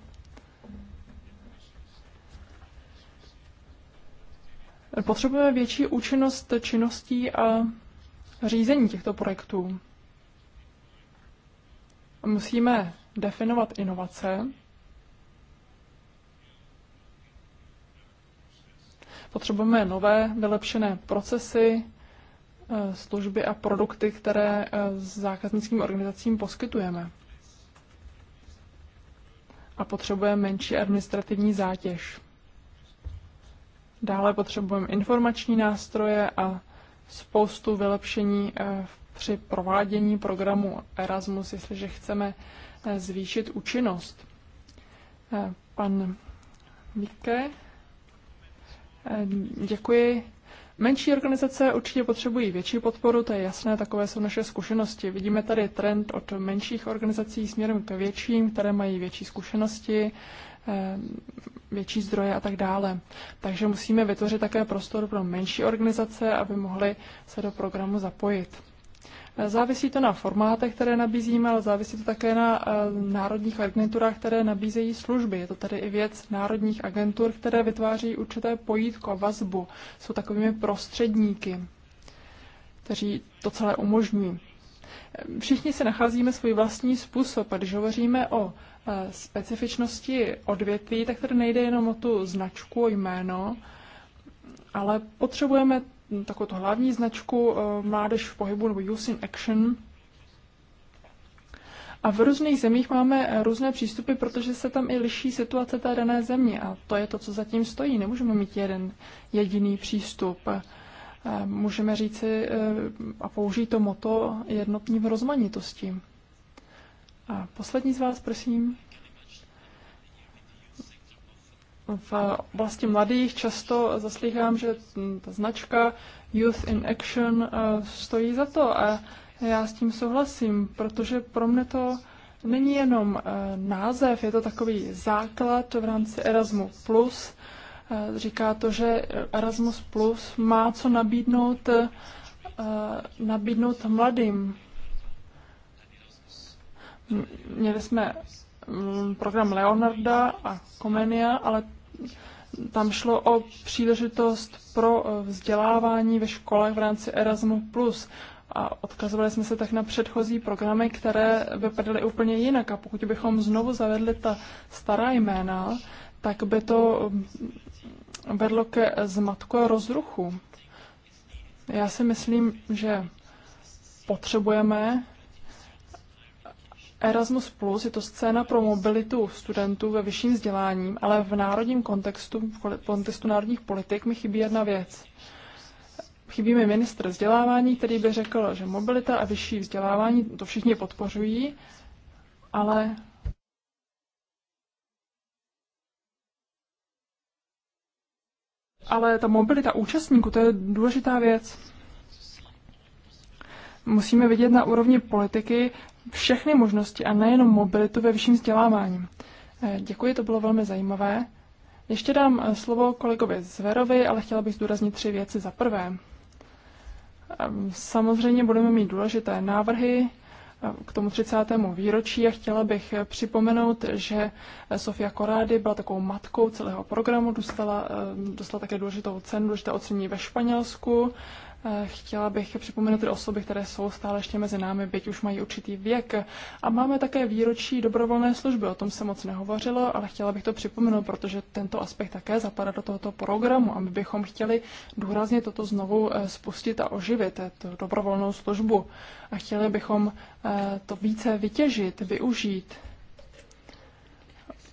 Potřebujeme větší účinnost činností a řízení těchto projektů. Musíme definovat inovace, Potřebujeme nové, vylepšené procesy, e, služby a produkty, které e, zákaznickým organizacím poskytujeme. A potřebujeme menší administrativní zátěž. Dále potřebujeme informační nástroje a spoustu vylepšení e, při provádění programu Erasmus, jestliže chceme zvýšit účinnost. Pan Mikke. Ehm, děkuji. Menší organizace určitě potřebují větší podporu, to je jasné, takové jsou naše zkušenosti. Vidíme tady trend od menších organizací směrem k větším, které mají větší zkušenosti, ehm, větší zdroje a tak dále. Takže musíme vytvořit také prostor pro menší organizace, aby mohly se do programu zapojit. Závisí to na formátech, které nabízíme, ale závisí to také na eh, národních agenturách, které nabízejí služby. Je to tedy i věc národních agentur, které vytváří určité pojítko vazbu. Jsou takovými prostředníky, kteří to celé umožňují. Všichni si nacházíme svůj vlastní způsob a když hovoříme o eh, specifičnosti odvětví, tak tady nejde jenom o tu značku, o jméno, ale potřebujeme takovou to hlavní značku eh, Mládež v pohybu nebo Youth in Action. A v různých zemích máme eh, různé přístupy, protože se tam i liší situace té dané země. A to je to, co zatím stojí. Nemůžeme mít jeden jediný přístup. Eh, můžeme říci a použít to moto jednotní v rozmanitosti. A poslední z vás, prosím v oblasti mladých často zaslýchám, že ta značka Youth in Action eh, stojí za to a já s tím souhlasím, protože pro mě to není jenom eh, název, je to takový základ v rámci Erasmus+. Eh, říká to, že Erasmus Plus má co nabídnout, nabídnout mladým. Měli jsme Mm, program Leonarda a Komenia, ale tam šlo o příležitost pro eh, vzdělávání ve školách v rámci Erasmus+. A odkazovali jsme se tak na předchozí programy, které vypadaly úplně jinak. A pokud bychom znovu zavedli ta stará jména, tak by to mm, vedlo ke zmatku a rozruchu. Já si myslím, že potřebujeme Erasmus Plus je to scéna pro mobilitu studentů ve vyšším vzdělání, ale v národním kontextu, v kontextu národních politik mi chybí jedna věc. Chybí mi ministr vzdělávání, který by řekl, že mobilita a vyšší vzdělávání to všichni podpořují, ale ale ta mobilita účastníků, to je důležitá věc musíme vidět na úrovni politiky všechny možnosti a nejenom mobilitu ve vyšším vzdělávání. Eh, děkuji, to bylo velmi zajímavé. Ještě dám eh, slovo kolegovi Zverovi, ale chtěla bych zdůraznit tři věci. Za prvé, ehm, samozřejmě budeme mít důležité návrhy eh, k tomu 30. výročí a chtěla bych připomenout, že Sofia Korády byla takovou matkou celého programu, dostala, ehm, dostala také důležitou cenu, důležité ocenění ve Španělsku Eh, chtěla bych připomenout ty osoby, které jsou stále ještě mezi námi, byť už mají určitý věk. A máme také výročí dobrovolné služby, o tom se moc nehovořilo, ale chtěla bych to připomenout, protože tento aspekt také zapadá do tohoto programu a my bychom chtěli důrazně toto znovu eh, spustit a oživit, eh, tu dobrovolnou službu. A chtěli bychom to více vytěžit, využít,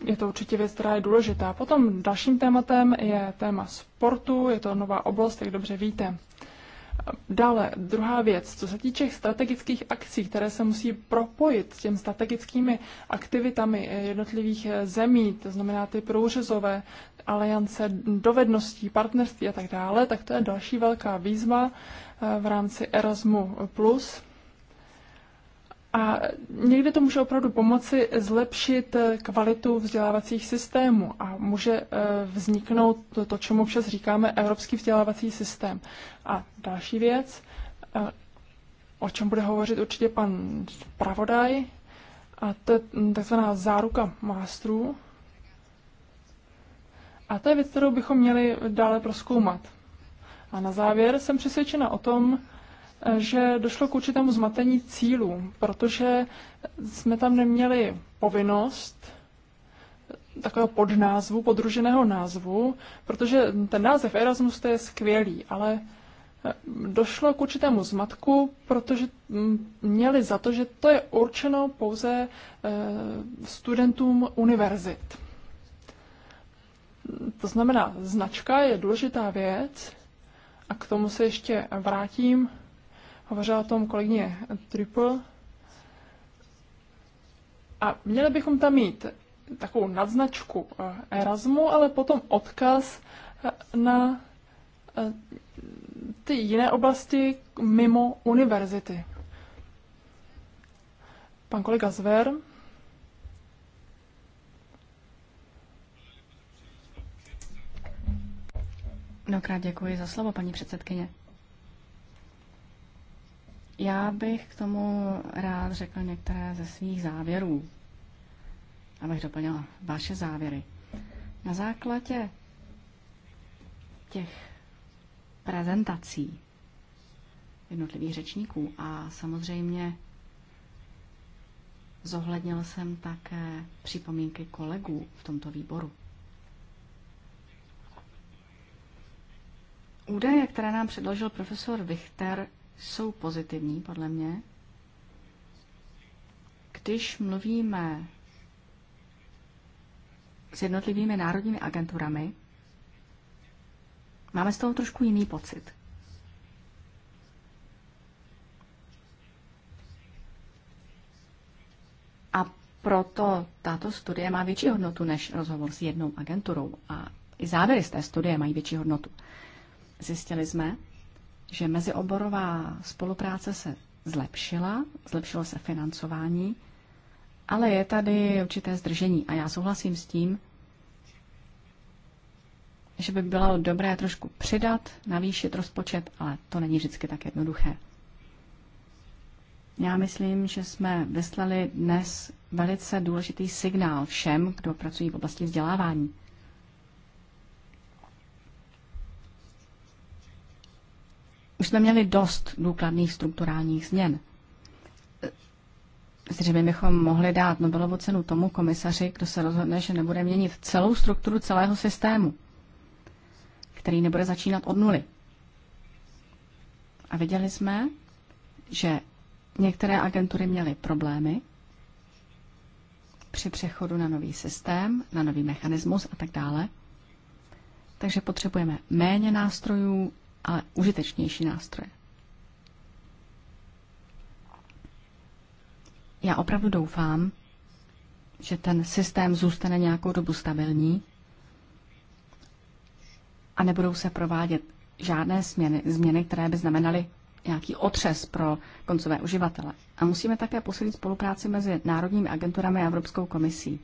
je to určitě věc, která je důležitá. Potom dalším tématem je téma sportu, je to nová oblast, jak dobře víte. Dále, druhá věc, co se týče strategických akcí, které se musí propojit s těm strategickými aktivitami eh, jednotlivých eh, zemí, to znamená ty průřezové aliance dovedností, partnerství a tak dále, tak to je další velká výzva eh, v rámci Erasmu+. Plus a někde to může opravdu pomoci zlepšit eh, kvalitu vzdělávacích systémů a může eh, vzniknout to, to čemu přes říkáme evropský vzdělávací systém. A další věc, eh, o čem bude hovořit určitě pan Pravodaj, a to je hm, takzvaná záruka mástrů. A to je věc, kterou bychom měli dále proskoumat. A na závěr jsem přesvědčena o tom, že došlo k určitému zmatení cílů, protože jsme tam neměli povinnost takového podnázvu, podruženého názvu, protože ten název Erasmus to je skvělý, ale eh, došlo k určitému zmatku, protože mm, měli za to, že to je určeno pouze eh, studentům univerzit. To znamená, značka je důležitá věc a k tomu se ještě vrátím Hovořila o tom kolegyně Triple. A měli bychom tam mít takovou nadznačku eh, Erasmu, ale potom odkaz eh, na eh, ty jiné oblasti mimo univerzity. Pan kolega Zver. Mnohokrát děkuji za slovo, paní předsedkyně. Já bych k tomu rád řekl některé ze svých závěrů, abych doplnila vaše závěry. Na základě těch prezentací jednotlivých řečníků a samozřejmě zohlednil jsem také připomínky kolegů v tomto výboru. Údaje, které nám předložil profesor Richter, jsou pozitivní, podle mě. Když mluvíme s jednotlivými národními agenturami, máme z toho trošku jiný pocit. A proto tato studie má větší hodnotu než rozhovor s jednou agenturou. A i závěry z té studie mají větší hodnotu. Zjistili jsme, že mezioborová spolupráce se zlepšila, zlepšilo se financování, ale je tady určité zdržení a já souhlasím s tím, že by bylo dobré trošku přidat, navýšit rozpočet, ale to není vždycky tak jednoduché. Já myslím, že jsme vyslali dnes velice důležitý signál všem, kdo pracují v oblasti vzdělávání. Už jsme měli dost důkladných strukturálních změn. Zřejmě bychom mohli dát Nobelovu cenu tomu komisaři, kdo se rozhodne, že nebude měnit celou strukturu celého systému, který nebude začínat od nuly. A viděli jsme, že některé agentury měly problémy při přechodu na nový systém, na nový mechanismus a tak dále. Takže potřebujeme méně nástrojů, ale užitečnější nástroje. Já opravdu doufám, že ten systém zůstane nějakou dobu stabilní a nebudou se provádět žádné změny, změny, které by znamenaly nějaký otřes pro koncové uživatele. A musíme také posilit spolupráci mezi národními agenturami a Evropskou komisí.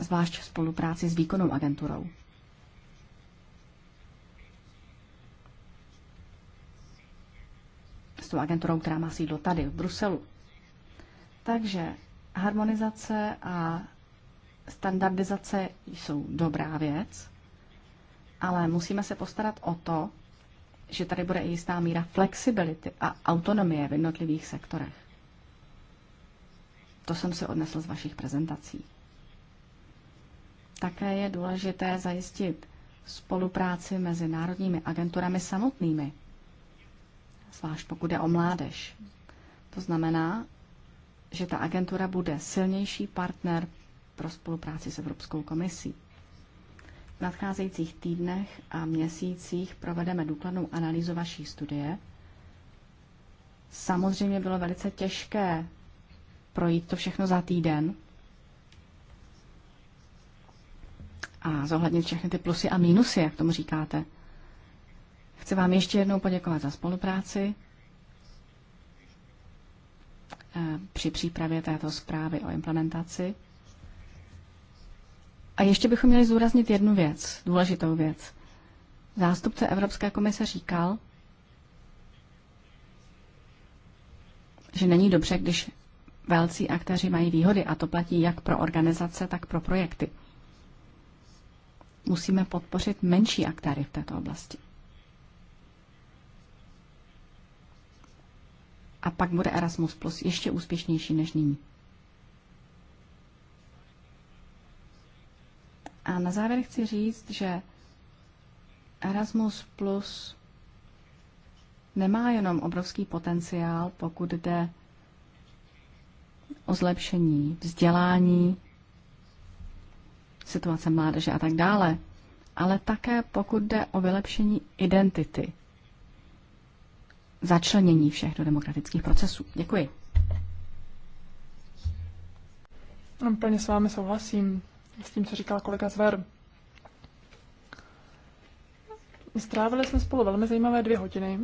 Zvlášť spolupráci s výkonnou agenturou. tou agenturou, která má sídlo tady, v Bruselu. Takže harmonizace a standardizace jsou dobrá věc, ale musíme se postarat o to, že tady bude i jistá míra flexibility a autonomie v jednotlivých sektorech. To jsem si odnesl z vašich prezentací. Také je důležité zajistit spolupráci mezi národními agenturami samotnými, zvlášť pokud jde o mládež. To znamená, že ta agentura bude silnější partner pro spolupráci s Evropskou komisí. V nadcházejících týdnech a měsících provedeme důkladnou analýzu vaší studie. Samozřejmě bylo velice těžké projít to všechno za týden a zohlednit všechny ty plusy a mínusy, jak tomu říkáte. Chci vám ještě jednou poděkovat za spolupráci e, při přípravě této zprávy o implementaci. A ještě bychom měli zúraznit jednu věc, důležitou věc. Zástupce Evropské komise říkal, že není dobře, když velcí aktéři mají výhody a to platí jak pro organizace, tak pro projekty. Musíme podpořit menší aktéry v této oblasti. a pak bude Erasmus Plus ještě úspěšnější než nyní. A na závěr chci říct, že Erasmus Plus nemá jenom obrovský potenciál, pokud jde o zlepšení vzdělání, situace mládeže a tak dále, ale také pokud jde o vylepšení identity začlenění všech do demokratických procesů. Děkuji. Plně s vámi souhlasím s tím, co říkal kolega Zver. Strávili jsme spolu velmi zajímavé dvě hodiny.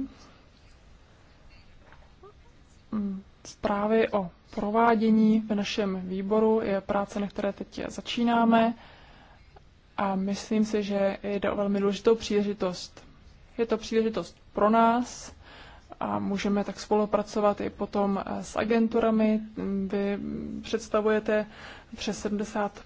Mm, zprávy o provádění v našem výboru je práce, na které teď začínáme a myslím si, že jde o velmi důležitou příležitost. Je to příležitost pro nás, a můžeme tak spolupracovat i potom eh, s agenturami. Vy představujete přes 70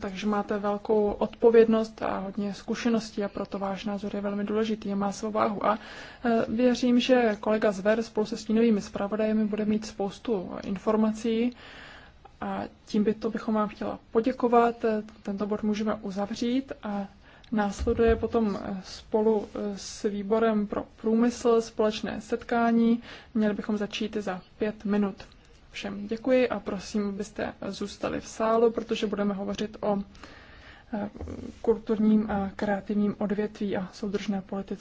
takže máte velkou odpovědnost a hodně zkušeností a proto váš názor je velmi důležitý a má svou váhu. A eh, věřím, že kolega Zver spolu se stínovými zpravodajemi bude mít spoustu informací a tím by to bychom vám chtěla poděkovat. Tento bod můžeme uzavřít a Následuje potom eh, spolu eh, s výborem pro průmysl společné setkání. Měli bychom začít za pět minut. Všem děkuji a prosím, abyste eh, zůstali v sálu, protože budeme hovořit o kulturním a kreativním odvětví a soudržné politice.